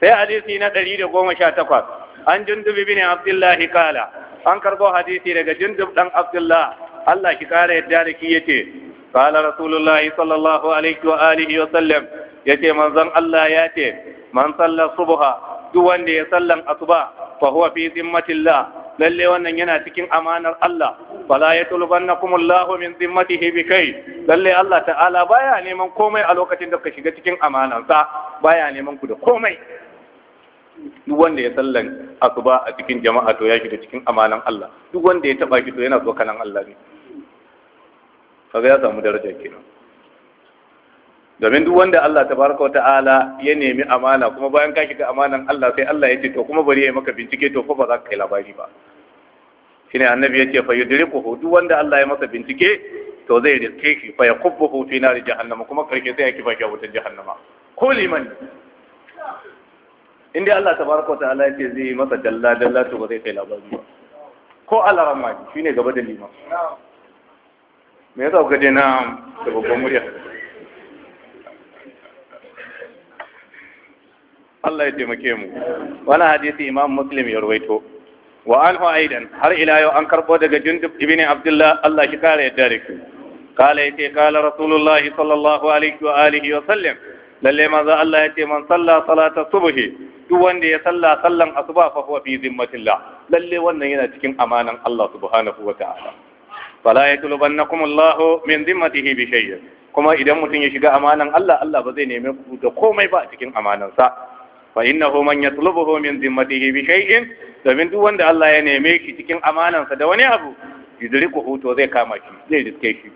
sai hadisi na ɗari da goma sha takwas. an jundub ibn Abdullahi Kala. an karɓo hadisi daga jundub ɗan abdullah Allah ki kara yadda da ki yace qala rasulullah sallallahu alaihi wa alihi wa sallam yace manzon Allah ya ce man salla subha duk wanda ya sallan asuba fa huwa fi zimmatillah lalle wannan yana cikin amanar Allah fala yatulbannakum Allahu min zimmatihi bi kai lalle Allah ta'ala baya neman komai a lokacin da ka shiga cikin amanarsa baya neman ku da komai duk wanda ya sallan asuba a cikin jama'a to ya shiga cikin amanan Allah duk wanda ya taba ki to yana tsokanan Allah ne kaga ya samu daraja kenan domin duk wanda Allah tabaraka wa ta'ala ya nemi amana kuma bayan ka shiga amanan Allah sai Allah ya ce to kuma bari ya maka bincike to fa ba za ka kai labari ba shine annabi ya ce fa yudrikuhu duk wanda Allah ya masa bincike to zai riske shi fa yakubbuhu fi nar jahannama kuma karke sai ya kifa shi a wutar jahannama ko liman in dai Allah tabaraka wa ta'ala ya ce zai masa dalla dalla to ba zai kai labari ba ko alarama shine gaba da liman me yasa kuka je na da babban murya Allah ya taimake mu Wani hadisi Imam Muslim ya rawaito wa anhu aidan har ila yau an karbo daga Jundub ibn Abdullah Allah shi kare yadda da shi قال يتي قال رسول sallallahu alaihi الله عليه wa وسلم lalle maza Allah ya ce man salla salata subhi duk wanda ya salla sallan asuba fa huwa fi zimmatillah lalle wannan yana cikin amanan Allah subhanahu wa ta'ala fala kuma Allahu min dhimmatihi bi shay'in kuma idan mutum ya shiga amanan Allah Allah ba zai neme ku da komai ba a cikin amanansa fa innahu man yatlubuhu min zimmatihi bi shay'in domin duk wanda Allah ya neme shi cikin amanansa da wani abu yudriku to zai kama shi zai riske shi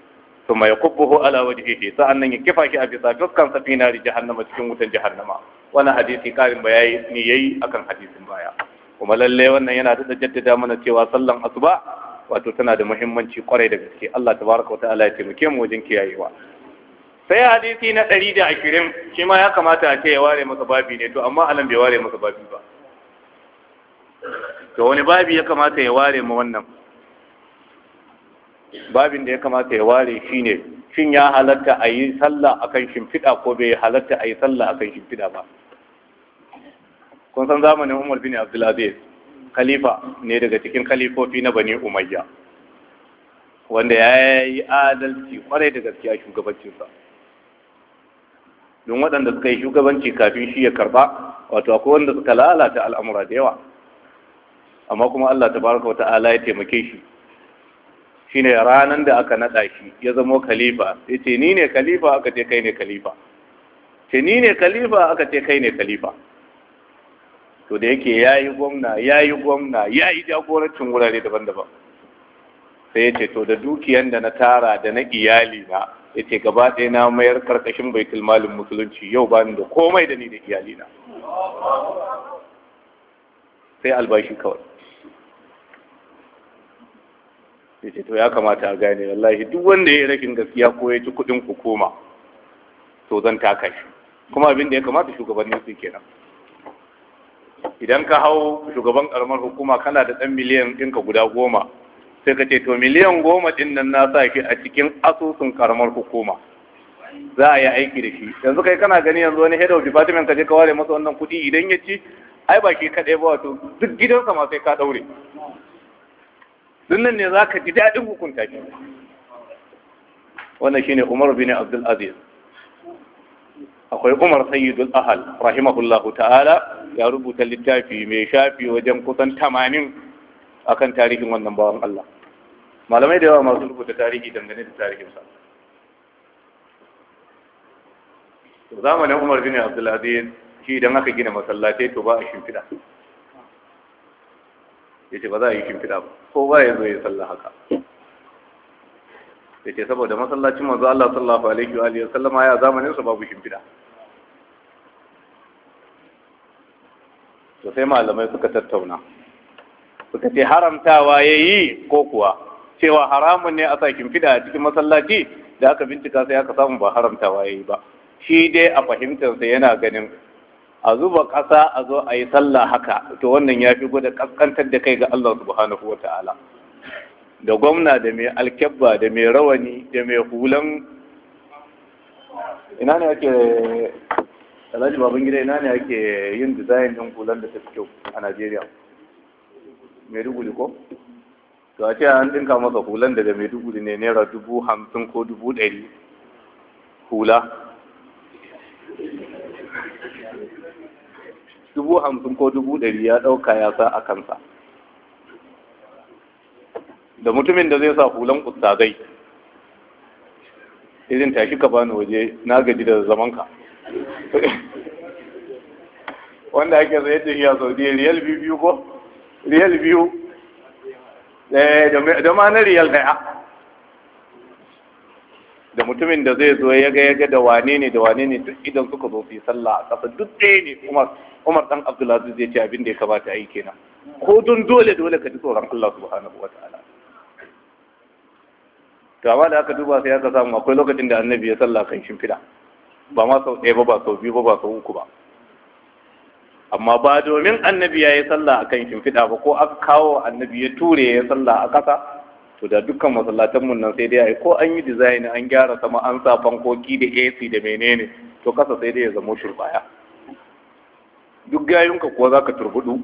thumma yakubbuhu ala wajhihi sa'annan ya kifa shi a bisa dukkan safina da jahannama cikin wutan jahannama wannan hadisi karin bayani ne yayi akan hadisin baya kuma lalle wannan yana da jaddada mana cewa sallan asuba wato tana da muhimmanci kwarai da gaske Allah tabaraka wata'ala ya taimake mu wajen kiyayewa sai hadisi na ɗari da ashirin shi ma ya kamata a ce ya ware masa babi ne to amma alam bai ware masa babi ba to wani babi ya kamata ya ware mu wannan babin da ya kamata ya ware shine shin ya halatta a yi sallah akan shimfiɗa ko bai halatta a yi sallah akan shimfiɗa ba kun san zamanin Umar bin Abdulaziz khalifa ne daga cikin khalifofi na bani umayya wanda ya yi adalci kwarai da gaskiya shugabancinsa don waɗanda suka yi shugabanci kafin shi ya karba wato akwai wanda suka lalata al'amura da yawa amma kuma Allah tabaraka wa ta'ala ya taimake shi shine ranan da aka nada shi ya zama khalifa yace ni ne khalifa aka ce kai ne khalifa ce ni ne khalifa aka ce kai ne khalifa to da yake ya yi gwamna ya yi gwamna ya yi jagorancin wurare daban-daban sai ya ce to da dukiyan da na tara da na iyali na ya ce gaba ɗaya na mayar karkashin baitul malin musulunci yau ba ni da komai da ni da iyali na sai albashi kawai ya ce to ya kamata a gane wallahi duk wanda ya yi rashin gaskiya ko ya ci kuɗin hukuma to zan taka shi kuma abin da ya kamata shugabanni su kenan idan ka hau shugaban karamar hukuma kana da ɗan miliyan ɗinka guda goma sai ka ce to miliyan goma ɗin nan na sa a cikin asusun karamar hukuma za a yi aiki da shi yanzu kai kana gani yanzu wani head of department ka je ka ware masa wannan kuɗi idan ya ci ai baki kaɗai ba wato duk gidansa ma sai ka ɗaure dunnan ne za ka ji daɗin hukunta shi wannan shine Umar bin Abdul Aziz akwai umar sayyidul ahal rahimahullahu ta'ala ya rubuta littafi mai shafi wajen kusan tamanin akan tarihin wannan bawan Allah malamai da yawa masu rubuta tarihi dangane da tarihinsa zamanin umar bin abdulaziz shi idan aka gina masallatai to ba a shimfiɗa ya ce ba za a yi shimfiɗa ba ko ba ya zo ya sallah haka ke saboda masallacin manzo Allah sallallahu alaihi wa alihi sallama ya zamanin su babu shimfida to sai malamai suka tattauna suka ce haramtawa yayi ko kuwa cewa haramun ne a sa shimfida a cikin masallaci da aka bincika sai aka samu ba haramtawa yayi ba shi dai a fahimtarsa yana ganin a zuba ƙasa a zo a yi sallah haka to wannan ya fi gwada ƙasƙantar da kai ga Allah subhanahu wa ta'ala da gwamna da mai alkyabba da mai rawani da mai hulan ina ne ake alhaji baban gida ina ne ake yin design din hulan da ta fi kyau a najeriya maiduguri ko to a ce an dinka masa hulan daga maiduguri ne naira dubu hamsin ko dubu ɗari hula dubu hamsin ko dubu ɗari ya ɗauka ya sa a kansa da mutumin da zai sa hulan ustazai irin tashi ka bani waje na gaji da zamanka wanda ake zai yadda shi a saudi riyal biyu ko riyal biyu eh, da ma na riyal daya da mutumin da zai zo ya ga ya ga da wane ne da wane ne duk idan suka zo fi sallah a kasa duk ɗaya ne umar umar dan abdulaziz zai ce abin da ya kamata a yi kenan ko don dole dole ka ji tsoron allah subhanahu wa ta'ala to amma da aka duba sai aka samu akwai lokacin da annabi ya sallah kan shimfiɗa ba ma sau ɗaya ba ba sau biyu ba ba sau uku ba amma ba domin annabi ya yi sallah a kan shimfiɗa ba ko aka kawo annabi ya ture ya sallah a ƙasa to da dukkan mun nan sai dai ko an yi dizayin an gyara sama an sa fankoki da ac da menene to ƙasa sai dai ya zamo shirbaya duk gayunka kuwa za ka turbudu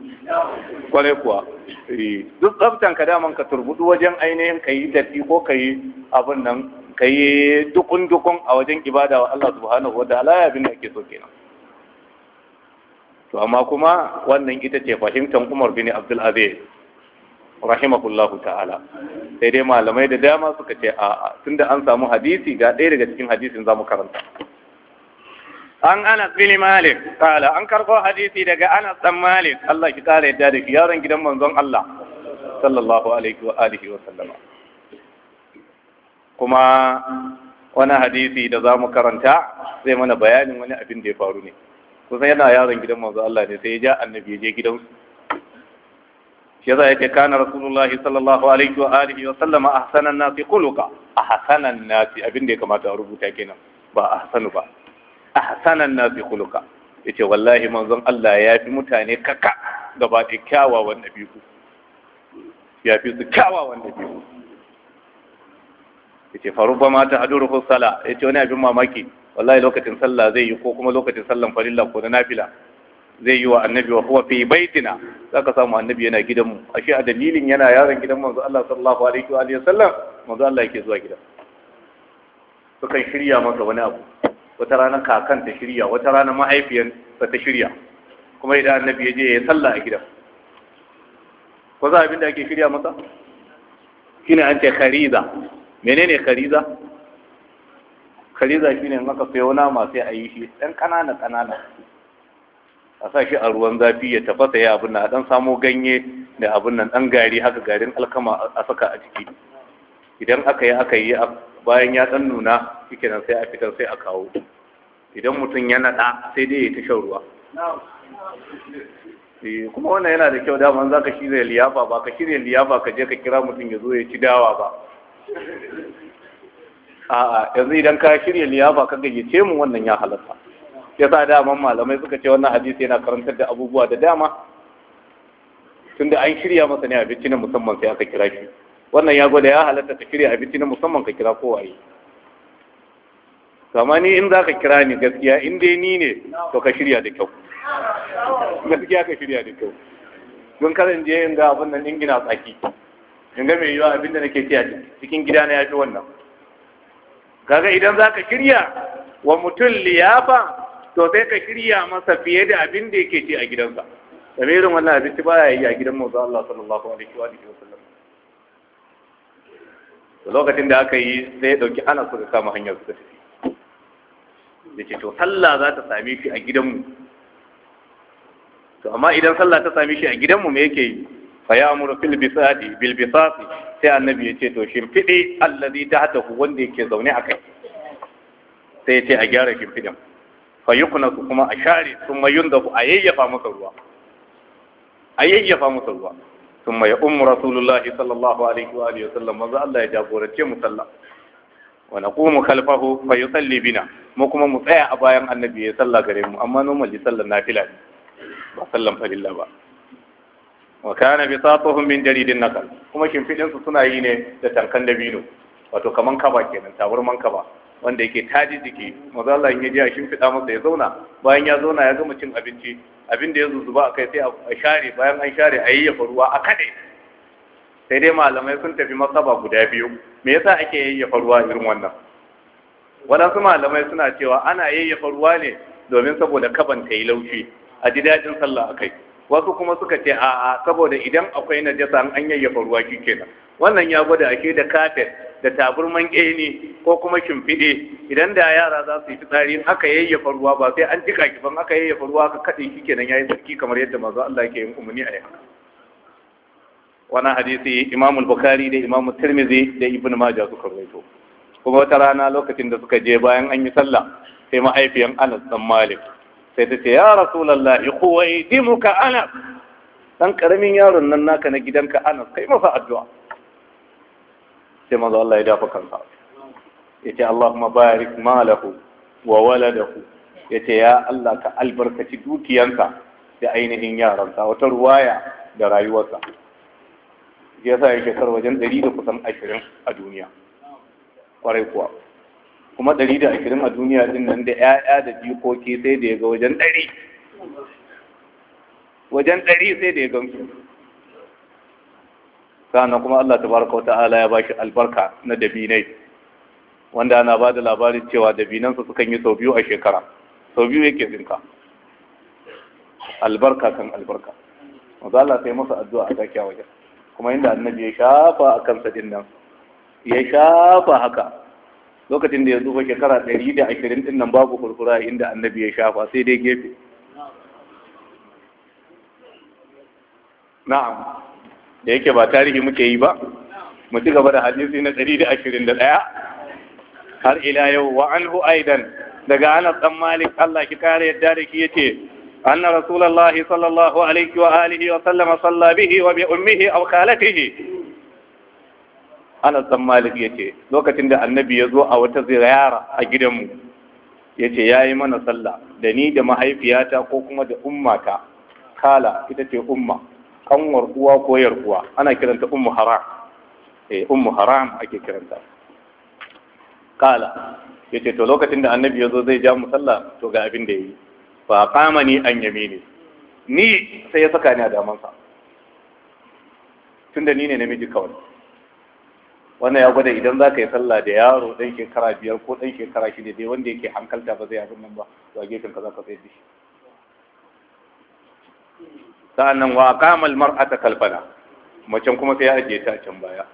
kwarai kuwa eh, duk tsaftanka daman ka turbudu wajen ainihin ka yi dafi ko ka yi abin nan ka yi dukun-dukun a wajen ibada wa Allah subhanahu wa ta'ala ya bin da ake so kenan to amma kuma wannan ita ce fahimtar Umar bin Abdul Aziz rahimahullahu ta'ala sai dai malamai da dama suka ce a tunda an samu hadisi ga ɗaya daga cikin hadisin zamu karanta an anas bin malik kala an karko hadisi daga anas dan malik Allah ki kare yadda da shi yaron gidan manzon Allah sallallahu alaihi wa alihi wa sallama kuma wani hadisi da za mu karanta zai mana bayanin wani abin da ya faru ne kusan yana yaron gidan manzon Allah ne sai ya ja annabi ya je gidansu shi yasa yake kana rasulullah sallallahu alaihi wa alihi wa sallama ahsanan nasi khuluqa ahsanan nasi abin da ya kamata a rubuta kenan ba ahsanu ba ahsanan nasi khuluqa yace wallahi manzon Allah ya fi mutane kaka gaba da kyawawan ku. ya fi su kyawawan ku. yace ba ma ta haduru sala yace wani abin mamaki wallahi lokacin sallah zai yi ko kuma lokacin sallan farilla ko na nafila zai yi wa annabi wa huwa fi baitina zaka samu annabi yana gidanmu ashe a dalilin yana yaron gidan manzo Allah sallallahu alaihi wa alihi wasallam manzo Allah yake zuwa gidan sukan shirya masa wani abu wata rana kakan ta shirya wata rana mahaifiyan ta shirya kuma idan annabi ya je ya sallah a gidan ko za abin da ake shirya masa shine an ce khariza menene khariza khariza shine maka aka sayo nama sai a yi shi dan kanana kanana a sa shi a ruwan zafi ya tafasa ya abin nan a dan samo ganye da abin nan dan gari haka garin alkama a saka a ciki idan aka yi aka yi bayan ya dan nuna shike sai a fitar sai a kawo idan mutum ya naɗa sai dai ya ta shan ruwa eh, kuma wannan yana da kyau daman za ka shirya liyafa ba ka shirya liyafa ka je ka kira mutum ya zo ya ci dawa ba a'a yanzu idan ka shirya liyafa ka gayyace mu wannan ya halatta ya sa daman malamai suka ce wannan hadisi yana karantar da abubuwa da dama tunda an shirya masa ne abinci na musamman sai aka kira shi wannan ya gwada ya halatta ka shirya abinci na musamman ka kira kowa yi kama ni in za ka kira ni gaskiya in dai ni ne to ka shirya da kyau gaskiya ka shirya da kyau don karin je in ga abin nan in gina tsaki in ga mai yiwa abin da nake ci a cikin gida na ya fi wannan kaga idan za ka shirya wa mutum liyafa to sai ka shirya masa fiye da abin da yake ci a gidansa da irin wannan abinci ba ya yi a gidan mazu Allah sallallahu alaihi wa sallam lokacin da aka yi sai ya dauki ana suka kama hanyar suka tafi ya ce to sallah za ta same shi a gidanmu to amma idan sallah ta same shi a gidanmu me yake yi fa ya amuru fil bisadi bil bisasi sai annabi ya ce to shimfide allazi tahtahu wanda yake zaune a kai sai ya ce a gyara shimfidan fa yuqnasu kuma a share sun mayun da a yayyafa masa ruwa a yayyafa masa ruwa ثم يؤم رسول الله صلى الله عليه وآله وسلم وذا الله يجابور مصلى ونقوم خلفه فيصلي بنا مكما مصيع أبايا النبي صلى كريم أما نوم اللي صلى النافلة وسلم فلله با وكان بساطهم من جريد النقل كما شمفلين سنعين تتنقل دبينو wato kaman kaba kenan tabar man kaba wanda yake taji jiki maza Allah in ji a shimfiɗa masa ya zauna bayan ya zauna ya gama cin abinci abin da ya zuzuba a kai sai a share bayan an share a yayyafa ruwa a kaɗe sai dai malamai sun tafi masaba guda biyu me yasa ake yayyafa ruwa irin wannan waɗansu malamai suna cewa ana yayyafa ruwa ne domin saboda kaban ta yi laushi a ji daɗin sallah a kai wasu kuma suka ce a saboda idan akwai najasa an yayyafa ruwa kenan wannan ya gwada ake da kafet da taburman ƙeni ko kuma shimfiɗe idan da yara za su yi fitsari aka yayyafa ruwa ba sai an jika ki ban aka yayyafa ruwa ka kaɗe shi kenan yayi sarki kamar yadda manzo Allah ke yin umarni a haka wannan hadisi Imam Bukhari da Imam Tirmidhi da Ibn Majah suka rawaito kuma wata rana lokacin da suka je bayan an yi sallah sai ma'aifiyan Anas dan Malik sai ta ce ya rasulallah iqwaidimuka ana Ɗan karamin yaron nan naka na gidanka ana kai masa addu'a sai manzo Allah ya dafa kansa yace Allahumma barik malahu wa waladahu yace ya Allah ka albarkaci dukiyansa da ainihin yaransa wata ruwaya da rayuwarsa ya sa ya kar wajen ɗari da kusan ashirin a duniya kwarai kuwa kuma ɗari da ashirin a duniya din nan da 'ya'ya da jikoki sai da ya ga wajen ɗari wajen ɗari sai da ya gamsu sannan kuma Allah Ta tabaraka ta'ala ya bashi albarka na dabinai wanda ana ba da labarin cewa dabinansa sukan yi sau biyu a shekara sau biyu yake zinka albarka kan albarka maza Allah sai masa addu'a a zakiya wajen kuma inda annabi ya shafa a kansa din nan ya shafa haka lokacin da ya zuba shekara ɗari da ashirin ɗin nan babu kurkura inda annabi ya shafa sai dai gefe na'am da yake ba tarihi muke yi ba mu ci gaba da hadisi na ɗari da ashirin da ɗaya har ila yau wa anhu aidan daga anas dan malik Allah ki kare yadda da ki yace anna rasulullahi sallallahu alaihi wa wa sallama salla wa bi ummihi Anas ɗan Malik ya ce, lokacin da annabi ya zo a wata ziyara a gidanmu ya ce ya yi mana sallah da ni da mahaifiyata ko kuma da ummata kala ita ce umma kanwar uwa ko yarkuwa ana kiranta ummu haram eh ummu haram ake kiranta kala ya ce to lokacin da annabi ya zo zai ja mu sallah to ga abin da yayi fa kama ni an yamini ni sai ya saka ni a damansa tunda ni ne namiji kawai wannan ya gwada idan za ka yi sallah da yaro ɗan shekara biyar ko ɗan shekara ne dai wanda yake hankalta ba zai abin nan ba to a gefen ka za ka tsaye shi sa'annan wa kamal mar'ata kalfana macen kuma sai ya ajiye ta a can baya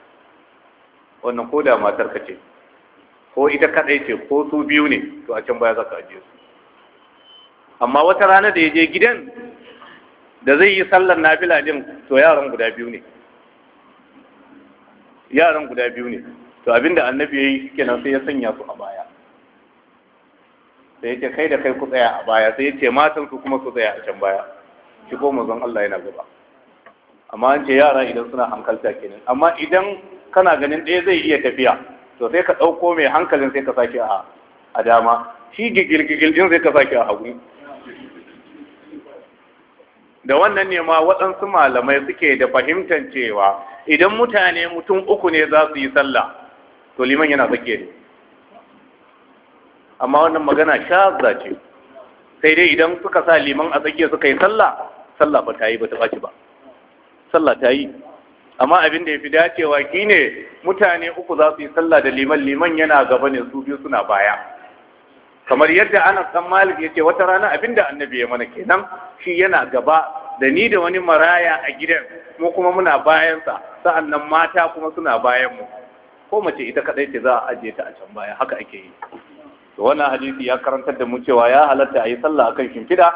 wannan ko da matar ka ce ko ita kaɗai ce ko su biyu ne to a can baya za ka ajiye su amma wata rana da ya je gidan da zai yi sallar nafila din to yaran guda biyu ne yaran guda biyu ne to abinda annabi ya yi kenan sai ya sanya su a baya sai ya ce kai da kai ku tsaya a baya sai ya ce matan su kuma su tsaya a can baya shi ko manzon Allah yana gaba amma an ce yara idan suna hankalta kenan amma idan kana ganin ɗaya zai iya tafiya to sai ka ɗauko mai hankalin sai ka sake a a dama shi gigil gigil din sai ka sake a hagu da wannan ne ma waɗansu malamai suke da fahimtar cewa idan mutane mutum uku ne za su yi sallah to liman yana zake ne amma wannan magana sha ce sai dai idan suka sa liman a sake suka yi sallah sallah ba ta yi ba ta ɓaci ba sallah ta yi amma abin da ya fi dacewa shine mutane uku za su yi sallah da liman liman yana gaba ne su biyu suna baya kamar yadda ana san malik ya ce wata rana abinda annabi ya mana kenan shi yana gaba da ni da wani maraya a gidan mu kuma muna bayansa sa'annan mata kuma suna bayan mu ko mace ita kadai ce za a ajiye ta a can baya haka ake yi to wannan hadisi ya karantar da mu cewa ya halatta ayi yi sallah akan shimfiɗa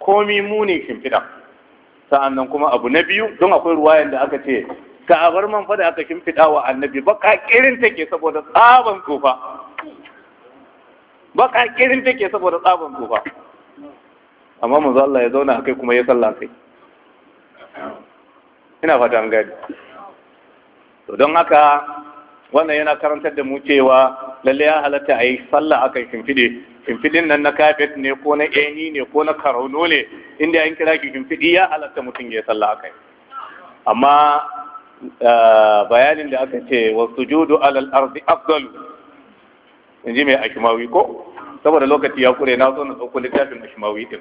komi muni shimfiɗa sa'annan kuma abu na biyu don akwai ruwayan da aka ce ta'abar man fa da aka shimfiɗa wa annabi baka kirin take saboda tsaban tsufa baka kirin take saboda tsaban tufa amma mu Allah ya zauna kai kuma ya sallah kai ina fata an gani to don haka wannan yana karantar da mu cewa lalle ya halatta a yi sallah akan shimfiɗe shimfiɗin nan na kafet ne ko na eni ne ko na karauno ne inda an kira ki shimfiɗi ya halatta mutum ya sallah akai amma eh, bayanin da aka ce wasu judu alal arzi afdalu in ji mai ashimawi ko saboda lokaci ya kure na zo na ɗauko littafin ashimawi ɗin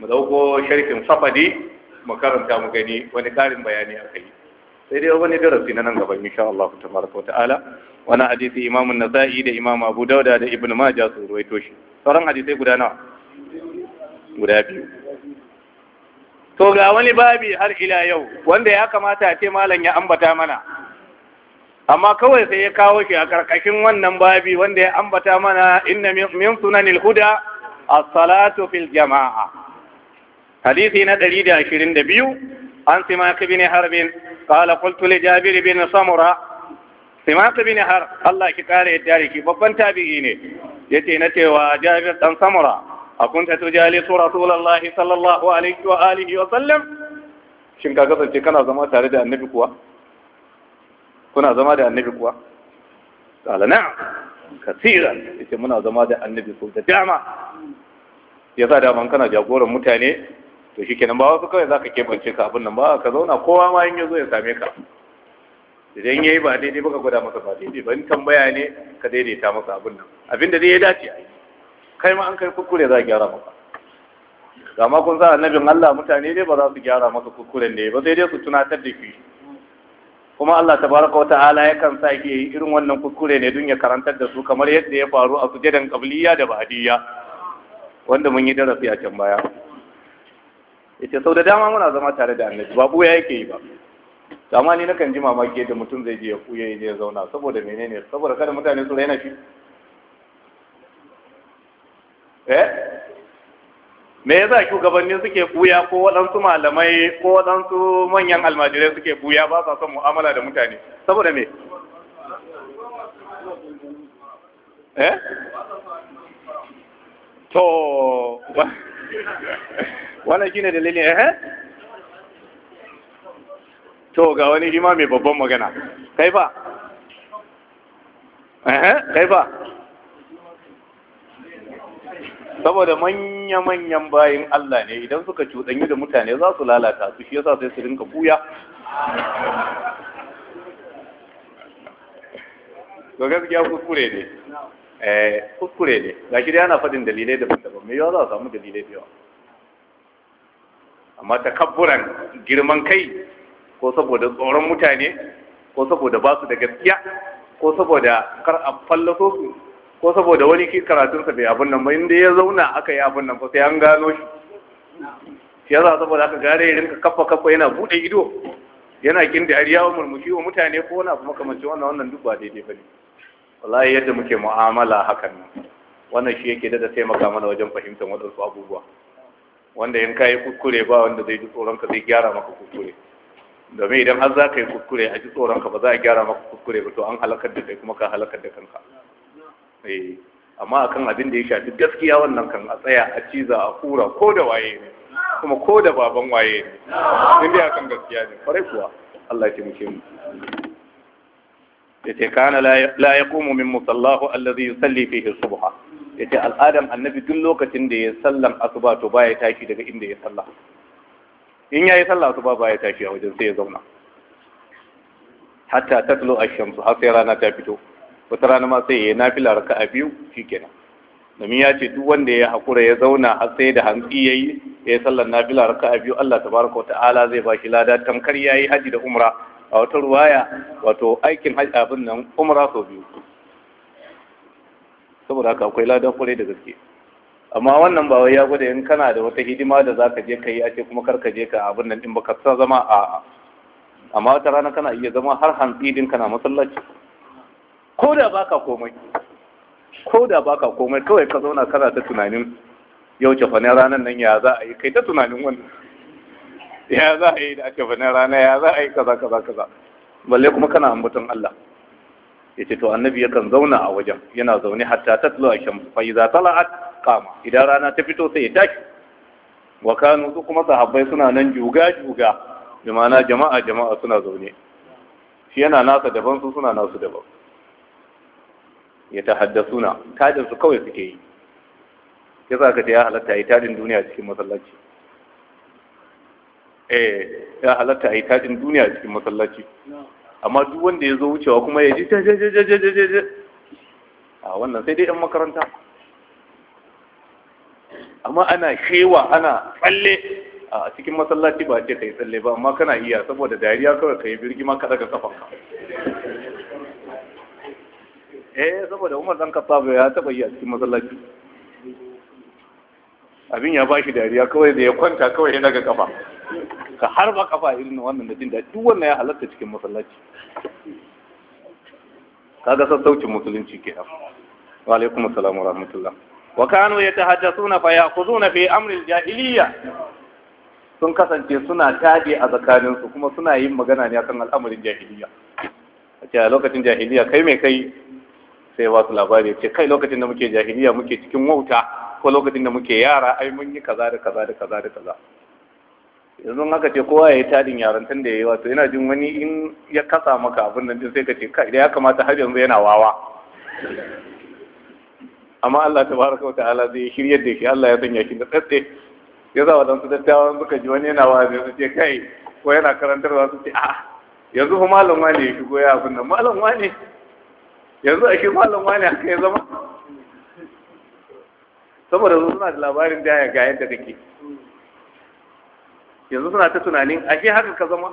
mu ɗauko sharhin safadi mu karanta mu gani wani ƙarin bayani a kai sai dai wani darasi na nan gaba insha Allah tabaraka wa ta'ala wani hadisi Imam an-Nasa'i da Imam Abu Dauda da Ibn Majah su ruwaito shi sauran hadisai guda nawa guda biyu to ga wani babi har ila yau wanda ya kamata a ce malam ya ambata mana amma kawai sai ya kawo shi a karkashin wannan babi wanda ya ambata mana inna min sunanil huda as-salatu fil jama'a hadisi na 122 an simak ibn harbin qala qultu li jabir bin samura simak ibn har Allah ki kare yadda ki babban tabi'i ne yace na cewa jabir dan samura akunta tujalisu rasulullahi sallallahu alaihi wa alihi wa sallam shin ka kasance kana zama tare da annabi kuwa kuna zama da annabi kuwa qala na kasiran yace muna zama da annabi ko da dama ya da daman kana jagoran mutane to shi kenan ba wasu kawai ka kebance ka abin nan ba ka zauna kowa ma yin yazo ya same ka idan ya yi ba daidai baka gwada masa ba daidai ban tambaya ne ka daidaita masa abin nan abin da dai ya dace a yi kai ma an kai kukure za a gyara maka ga ma kun sa annabin Allah mutane dai ba za su gyara masa kukuren ne ba sai dai su tunatar da shi kuma Allah tabaraka wa ta'ala ya sa ke yi irin wannan kuskure ne dun ya karantar da su kamar yadda ya faru a sujadan qabliya da ba'diyya wanda mun yi darasi a can baya yace sau da dama muna zama tare da annabi ba buya yake yi ba amma ni nakan ji mamaki yadda mutum zai je ya kuya ya je ya zauna saboda menene saboda kada mutane su raina shi eh me yasa shugabanni suke buya ko waɗansu malamai ko waɗansu manyan almajirai suke buya ba sa son mu'amala da mutane saboda me eh to <laughs> wannan shine dalilin eh to ga wani shi mai babban magana kai ba eh kai ba saboda manya-manyan bayan Allah ne idan suka cuɗanyi da mutane za su lalata su shi yasa sai su rinka buya ga gaskiya kuskure ne eh kuskure ne ga shi dai ana faɗin dalilai daban-daban me yawa za a samu dalilai da yawa amma takabburan girman kai ko saboda tsoron mutane ko saboda ba su da gaskiya ko saboda kar a fallaso su ko saboda wani ki karatunsa bai abin nan ba inda ya zauna aka yi abin nan ba sai an gano shi shi yasa saboda aka gare ya rinka kafa kafa yana bude ido yana kin da ariya wa murmushi wa mutane ko wani abu makamancin wannan wannan duk ba daidai bane wallahi yadda muke mu'amala hakan nan wannan shi yake dada taimaka mana wajen fahimtar waɗansu abubuwa wanda in ka yi kuskure ba wanda zai ji tsoronka zai gyara maka kuskure domin idan har za ka yi kuskure a ji tsoronka ba za a gyara maka kuskure ba to an halakar da kai kuma ka halakar da kanka Eh, amma akan abin da ya shafi gaskiya wannan kan a tsaya a ciza a kura ko da waye ne kuma ko da baban waye ne inda kan gaskiya ne kwarai kuwa Allah ya taimake mu yace kana la yaqumu min musallahu alladhi yusalli fihi subha yace al'adam annabi duk lokacin da ya sallan asuba to baya tashi daga inda ya salla in yayi sallah asuba baya tashi a wajen sai ya zauna hatta tatlu ash-shamsu har sai rana ta fito wata rana ma sai ya yi nafila a biyu kenan domin ya ce duk wanda ya hakura ya zauna har sai da hantsi yi, ya sallar nafila a biyu Allah tabaraka wa ta'ala zai ba shi lada tamkar ya yi haji da umra a wata ruwaya wato aikin haji abin nan umra sau biyu saboda haka akwai lada kwarai da gaske amma wannan ba wai ya gwada in kana da wata hidima da za ka je ka yi a ce kuma kar ka je ka abin nan din baka sa zama a amma wata rana kana iya zama har hantsi din kana masallaci ko da baka komai ko da baka komai kawai ka zauna kana ta tunanin yau ce fane ranar nan ya za a yi kai ta tunanin wannan ya za a yi da ake fane rana ya za a yi kaza kaza kaza balle kuma kana ambaton Allah ya ce to annabi yakan zauna a wajen yana zaune hatta ta tsulo a shan fa iza tala'at qama idan rana ta fito sai ya tashi wa kanu su kuma sahabbai suna nan juga juga bi ma'ana jama'a jama'a suna zaune shi yana nasa daban su suna nasu daban ya tahaddasuna suna, tajinsu kawai suke yi ya za ka ta ya halatta yi tajin duniya cikin masallaci eh ya halatta yi tajin duniya cikin masallaci amma duk wanda ya zo wucewa kuma ya ji jajajajajajaja a wannan sai dai ana ana tsalle a cikin masallaci ba ka yi amma kana iya saboda dariya ka yi ka eh saboda umar dan kasabu ya taba yi a cikin masallaci abin ya bashi dariya kawai da ya kwanta kawai ya daga kafa ka har ba kafa irin wannan da jin da duk wannan ya halatta cikin masallaci kaga sassaucin musulunci ke kenan wa alaikum assalam wa rahmatullah wa kanu yatahaddathuna fa ya'khuduna fi amri al-jahiliyya sun kasance suna tabi a tsakaninsu kuma suna yin magana ne akan al'amarin jahiliya a lokacin jahiliya kai mai kai sai ba su labari ce kai lokacin da muke jahiliya muke cikin wauta ko lokacin da muke yara ai mun yi kaza da kaza da kaza da kaza yanzu haka ce kowa ya yi tadin yaran tun da ya yi wato yana jin wani in ya kasa maka abin nan sai ka ce kai ya kamata har yanzu yana wawa amma Allah Ta baraka wa ta'ala zai shirya da shi Allah ya sanya shi da tsatse ya sa wadansu dattawan suka ji wani yana wazi su ce kai ko yana karantarwa su ce a yanzu fa malam ne ya shigo ya abin nan malam ne? yanzu ake malam wani haka ya zama saboda su suna da labarin da ya ga yadda kake yanzu suna ta tunanin ashe haka ka zama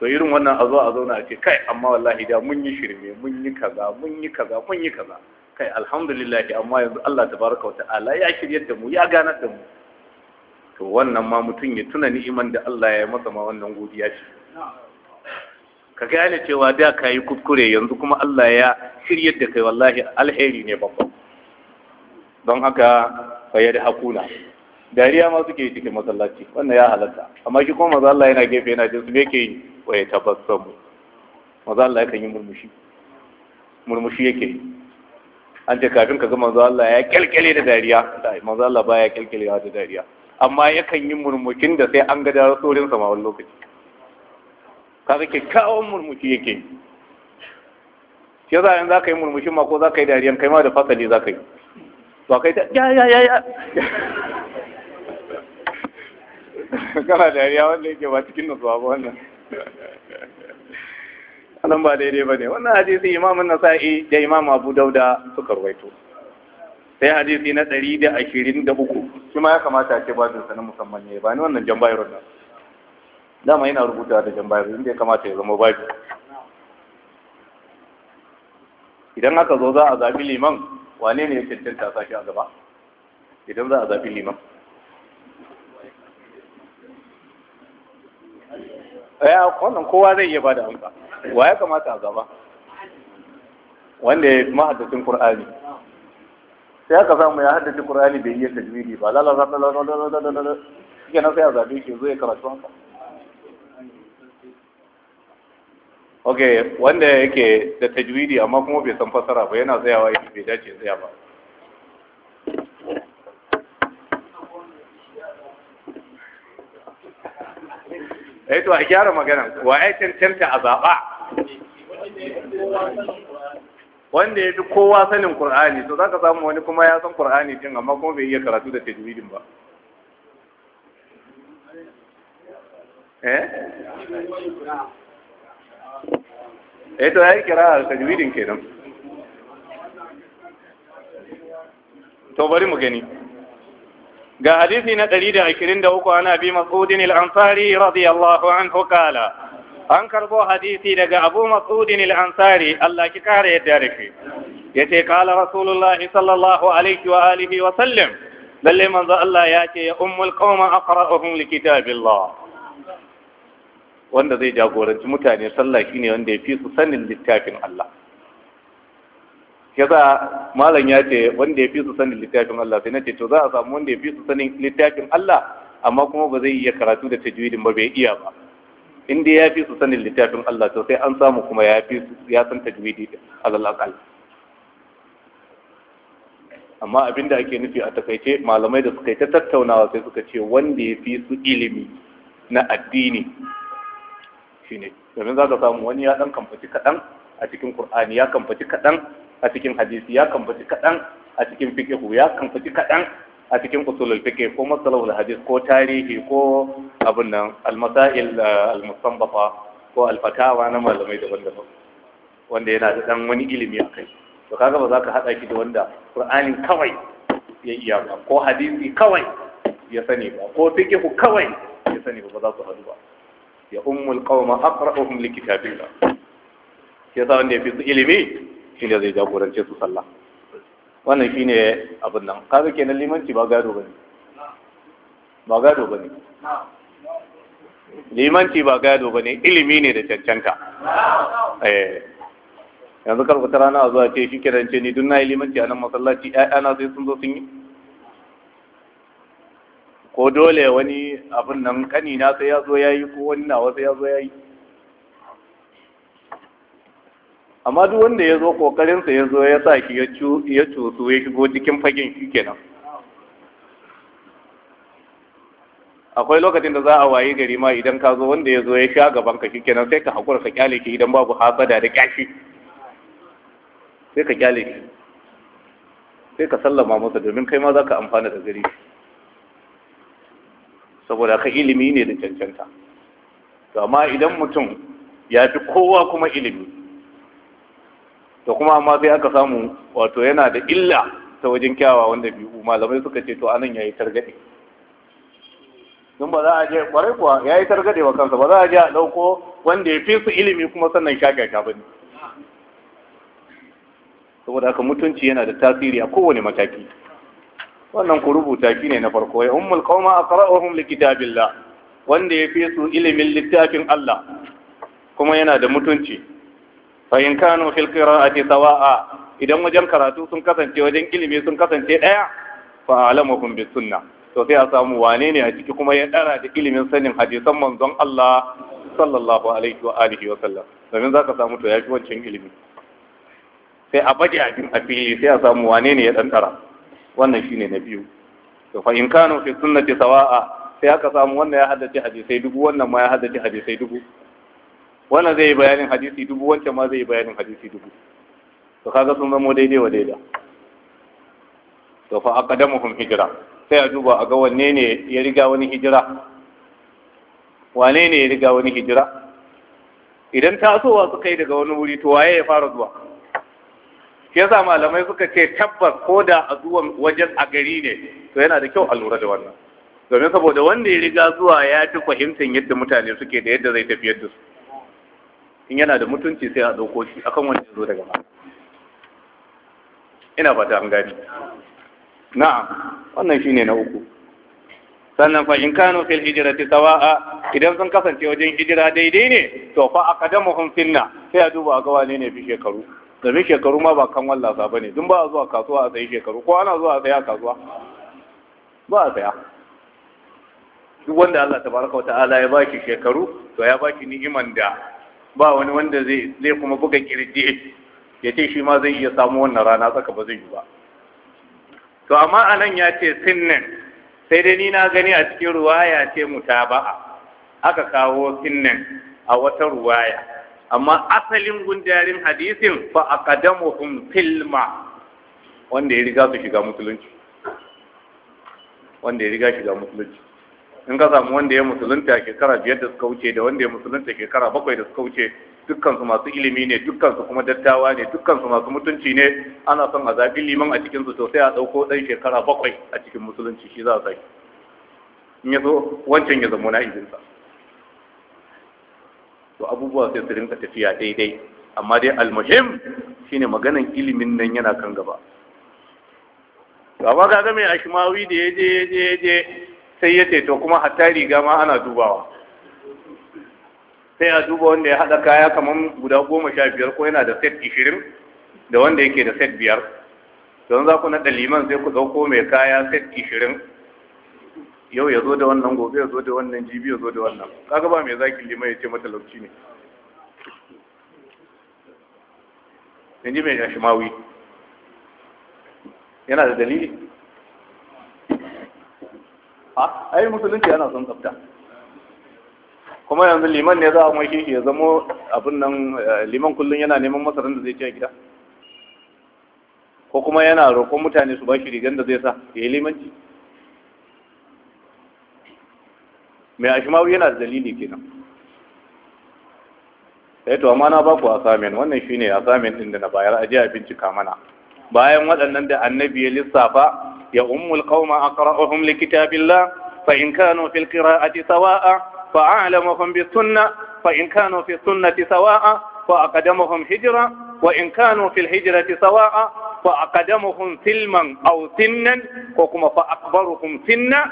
to irin wannan a zo a zauna a ce kai amma wallahi da mun yi shirme mun yi kaza mun yi kaza mun yi kaza kai alhamdulillahi amma yanzu Allah tabaraka wata'ala ya shiryar da mu ya gana da mu to wannan ma mutum ya tuna ni'iman da Allah ya yi masa ma wannan godiya ce ka gane cewa da ka yi kuskure yanzu kuma Allah ya shirye da kai wallahi alheri ne babba don haka fayar hakuna dariya ma suke cikin masallaci wannan ya halatta amma shi kuma maza Allah yana gefe yana jinsu me ke yi wa ya tabbatar mu maza Allah yakan yi murmushi murmushi yake yi an ce kafin ka ga Maza Allah ya kyalkyale da dariya Maza Allah baya kyalkyalewa da dariya amma yakan yi murmushin da sai an ga da tsorin sa ma wani lokaci kaga kyakkyawan murmushi yake shi yasa za ka yi murmushi ma ko za ka yi dariyan kai ma da fasali ka yi to kai ta ya ya ya ya <laughs> kana dariya wanda yake ba cikin nasu ba wannan anan <laughs> ba daidai ba ne wannan hadisi imamun nasa'i da imam abu dauda suka ruwaito sai hadisi na ɗari da ashirin da uku shi ma ya kamata a ce ba na musamman ne ba ni wannan jan bayar wannan dama yana rubuta da jan bayan inda ya kamata ya zama babu idan aka zo za a zafi liman wane ne ya cancanta sashi a gaba idan za a zafi liman ya eh, wannan kowa zai iya bada amsa wa ya kamata a gaba wanda ya mahaddacin ƙur'ani, sai aka samu ya haddace qur'ani bai iya tajwidi ba la ok wanda yake da tajwidi amma kuma bai san fasara ba yana tsayawa yake bai dace tsaya ba eh to a gyara magana wa ai tantance a zaɓa wanda ya fi kowa sanin Kur'ani, to zaka samu wani kuma ya san Kur'ani din amma kuma bai iya karatu da tajwidin ba eh eh to yi kira a tajwidin kenan to bari mu gani ga hadisi na 123 ana bi mas'udin al-ansari radiyallahu anhu kala an karbo hadisi daga abu mas'udin al-ansari Allah ki kare yadda da shi yace kala rasulullah sallallahu alaihi wa alihi wa sallam lalle manzo Allah yace ya ummul qauma aqra'uhum likitabillah wanda zai jagoranci mutane sallah shine wanda ya fi su sanin littafin Allah Yaza malam ya ce wanda ya fi su sanin littafin Allah sai na ce to za a samu wanda ya fi su sanin littafin Allah amma kuma ba zai iya karatu da tajwidin ba bai iya ba in dai ya fi su sanin littafin Allah to sai an samu kuma ya fi su ya san tajwidi alal aqal amma da ake nufi a takaice malamai da suka yi ta tattaunawa sai suka ce wanda ya fi su ilimi na addini shine domin za ka samu wani ya dan kamfaci kaɗan a cikin Kur'ani ya kamfaci kaɗan a cikin hadisi ya kamfaci kaɗan a cikin fiqhu ya kamfaci kaɗan a cikin usulul fiqh ko masalahul hadis ko tarihi ko abin nan almasail eh, almustanbata ko alfatawa na malamai daban-daban wanda yana da dan wani ilimi a kai to kaga ba za ka hada shi da wanda qur'ani kawai ya iya ba ko hadisi kawai ya sani ba ko fiqh kawai ya sani ba ba za su hadu ba ya ummul qauma aqra'uhum li kitabillah shi yasa wanda ya fi su ilimi ne zai jagorance su sallah wannan ne abin nan kaga kenan limanci ba gado bane ba gado bane limanci ba gado bane ilimi ne da cancanta eh yanzu karfata rana a zuwa ce shi kiran ce ni duk na yi limanci a nan masallaci na sai sun zo sun yi ko dole wani abin nan kani na sai ya zo ya yi ko wani nawa sai ya zo ya yi amma duk wanda ya zo ƙoƙarinsa ya zo ya sa shi ya cutu ya shigo cikin fagen shi kenan akwai lokacin da za a wayi gari ma idan ka zo wanda ya zo ya sha gaban ka kenan sai ka haƙura ka kyale shi idan babu hasada da kyashi sai ka kyale shi sai ka sallama masa domin kai ma za ka amfana da gari saboda ka ilimi ne da cancanta to amma idan mutum ya fi kowa kuma ilimi to kuma amma sai aka samu wato yana da illa ta wajen kyawawan biyu malamai suka ce to anan ya yi targaɗe don ba za a je ƙwarai kuwa ya yi targaɗe wa kansa ba za a je a ɗauko wanda ya fi su ilimi kuma sannan shagaka ba ne saboda haka mutunci yana da tasiri a kowane mataki wannan ku rubuta shi ne na farko ya ummul qauma aqra'uhum likitabillah wanda ya fi su ilimin littafin Allah kuma yana da mutunci fa in kanu fil qira'ati sawa'a idan wajen karatu sun kasance wajen ilimi sun kasance daya fa kun bis sunnah to sai a samu wane ne a ciki kuma ya dara da ilimin sanin hadisan manzon Allah sallallahu alaihi wa alihi wa sallam domin zaka samu to yafi wancan ilimi sai a baje abin a fili sai a samu wane ne ya dan tara wannan shi ne na biyu to fa in kano fi sunnati sawa'a sai aka samu wannan ya haddace hadisai dubu wannan ma ya haddace hadisai dubu wannan zai yi bayanin hadisi dubu wancan ma zai yi bayanin hadisi dubu to kaga sun zamo daidai wa daida to fa aqdamuhum hijra sai a duba a ga wanne ne ya riga wani hijira wane ne ya riga wani hijira idan tasowa suka yi daga wani wuri to waye ya fara zuwa shi yasa malamai suka ce tabbas ko da a zuwa wajen a gari ne to yana da kyau a lura da wannan domin saboda wanda ya riga zuwa ya fi fahimtar yadda mutane suke da yadda zai tafiyar da su in yana da mutunci sai a ɗauko shi akan wanda ya zo daga ma ina fata an gani na'am wannan shine na uku sannan fa in kanu fil hijrati sawa'a idan sun kasance wajen hijira daidai ne to fa aqdamuhum finna sai a duba ga wane ne fi shekaru domin shekaru ma ba kan wallasa ba ne dun ba a zuwa kasuwa a sayi shekaru ko ana zuwa a saya kasuwa ba a saya duk wanda Allah tabaraka ala ya baki shekaru to ya baki ni'iman da ba wani wanda zai zai kuma buga kirje ya ce shi ma zai iya samu wannan rana tsaka ba zai yi ba to amma anan ya ce sinnin sai dai ni na gani a cikin ruwaya ce mutaba'a aka kawo sinnin a wata ruwaya amma asalin gundarin hadisin fa aqdamuhum filma wanda ya riga su shiga musulunci wanda ya riga shiga musulunci in ka samu wanda ya musulunta shekara biyar da suka wuce da wanda ya musulunta shekara bakwai da suka wuce dukkansu masu ilimi ne dukkansu kuma dattawa ne dukkansu masu mutunci ne ana son a zabi liman a cikinsu to sai a dauko dan shekara bakwai a cikin musulunci shi za a sai in ya so wancan ya zama na izinsa to abubuwa sai su rinka tafiya daidai amma dai almuhim shine maganan ilimin nan yana kan gaba to amma kaga mai ashmawi da ya je je je sai ya ce to kuma hatta riga ma ana dubawa sai a duba wanda ya haɗa kaya kamar guda goma sha biyar ko yana da set ishirin da wanda yake da set biyar don za ku naɗa liman sai ku ɗauko mai kaya set ishirin yau ya zo da wannan gobe ya zo da wannan jibi ya zo da wannan kaga ba mai zaki lima ya ce matalauci ne in ji mai shimawi yana da dalili a ai musulunci yana son tsafta kuma yanzu liman ne za a mai ya zamo abin nan eh, liman kullum yana neman masarar da zai ci a gida ko kuma yana roƙon mutane su ba shi rigar da zai sa ya yi limanci mai ashimawi yana da dalili kenan sai eh to amma na ba ku assignment wannan shine assignment din da na bayar aje a bincika mana bayan waɗannan da annabi ya lissafa ya ummul qauma aqra'uhum likitabillah fa in kanu fil qira'ati sawa'a fa a'lamuhum bis sunnah fa in kanu fi sunnati sawa'a fa aqdamuhum hijra wa in kanu fil hijrati sawa'a fa aqdamuhum silman aw sinnan ko kuma fa akbaruhum sinna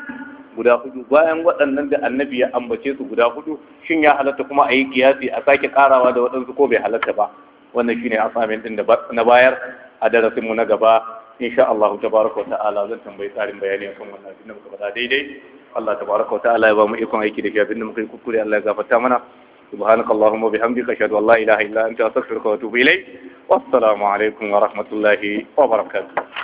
guda hudu bayan waɗannan da annabi ya ambace su guda hudu shin ya halatta kuma a yi kiyasi a sake karawa da waɗansu ko bai halatta ba wannan shine asamin din da na bayar a darasin mu na gaba insha Allah tabaraka wa ta'ala zan tambayi tsarin bayani akan wannan abin da muka faɗa daidai Allah tabaraka wa ta'ala ya ba mu ikon aiki da shi abin da muka yi kukuri. Allah ya gafarta mana سبحانك اللهم وبحمدك اشهد ان لا اله الا انت استغفرك واتوب اليك والسلام عليكم ورحمه الله وبركاته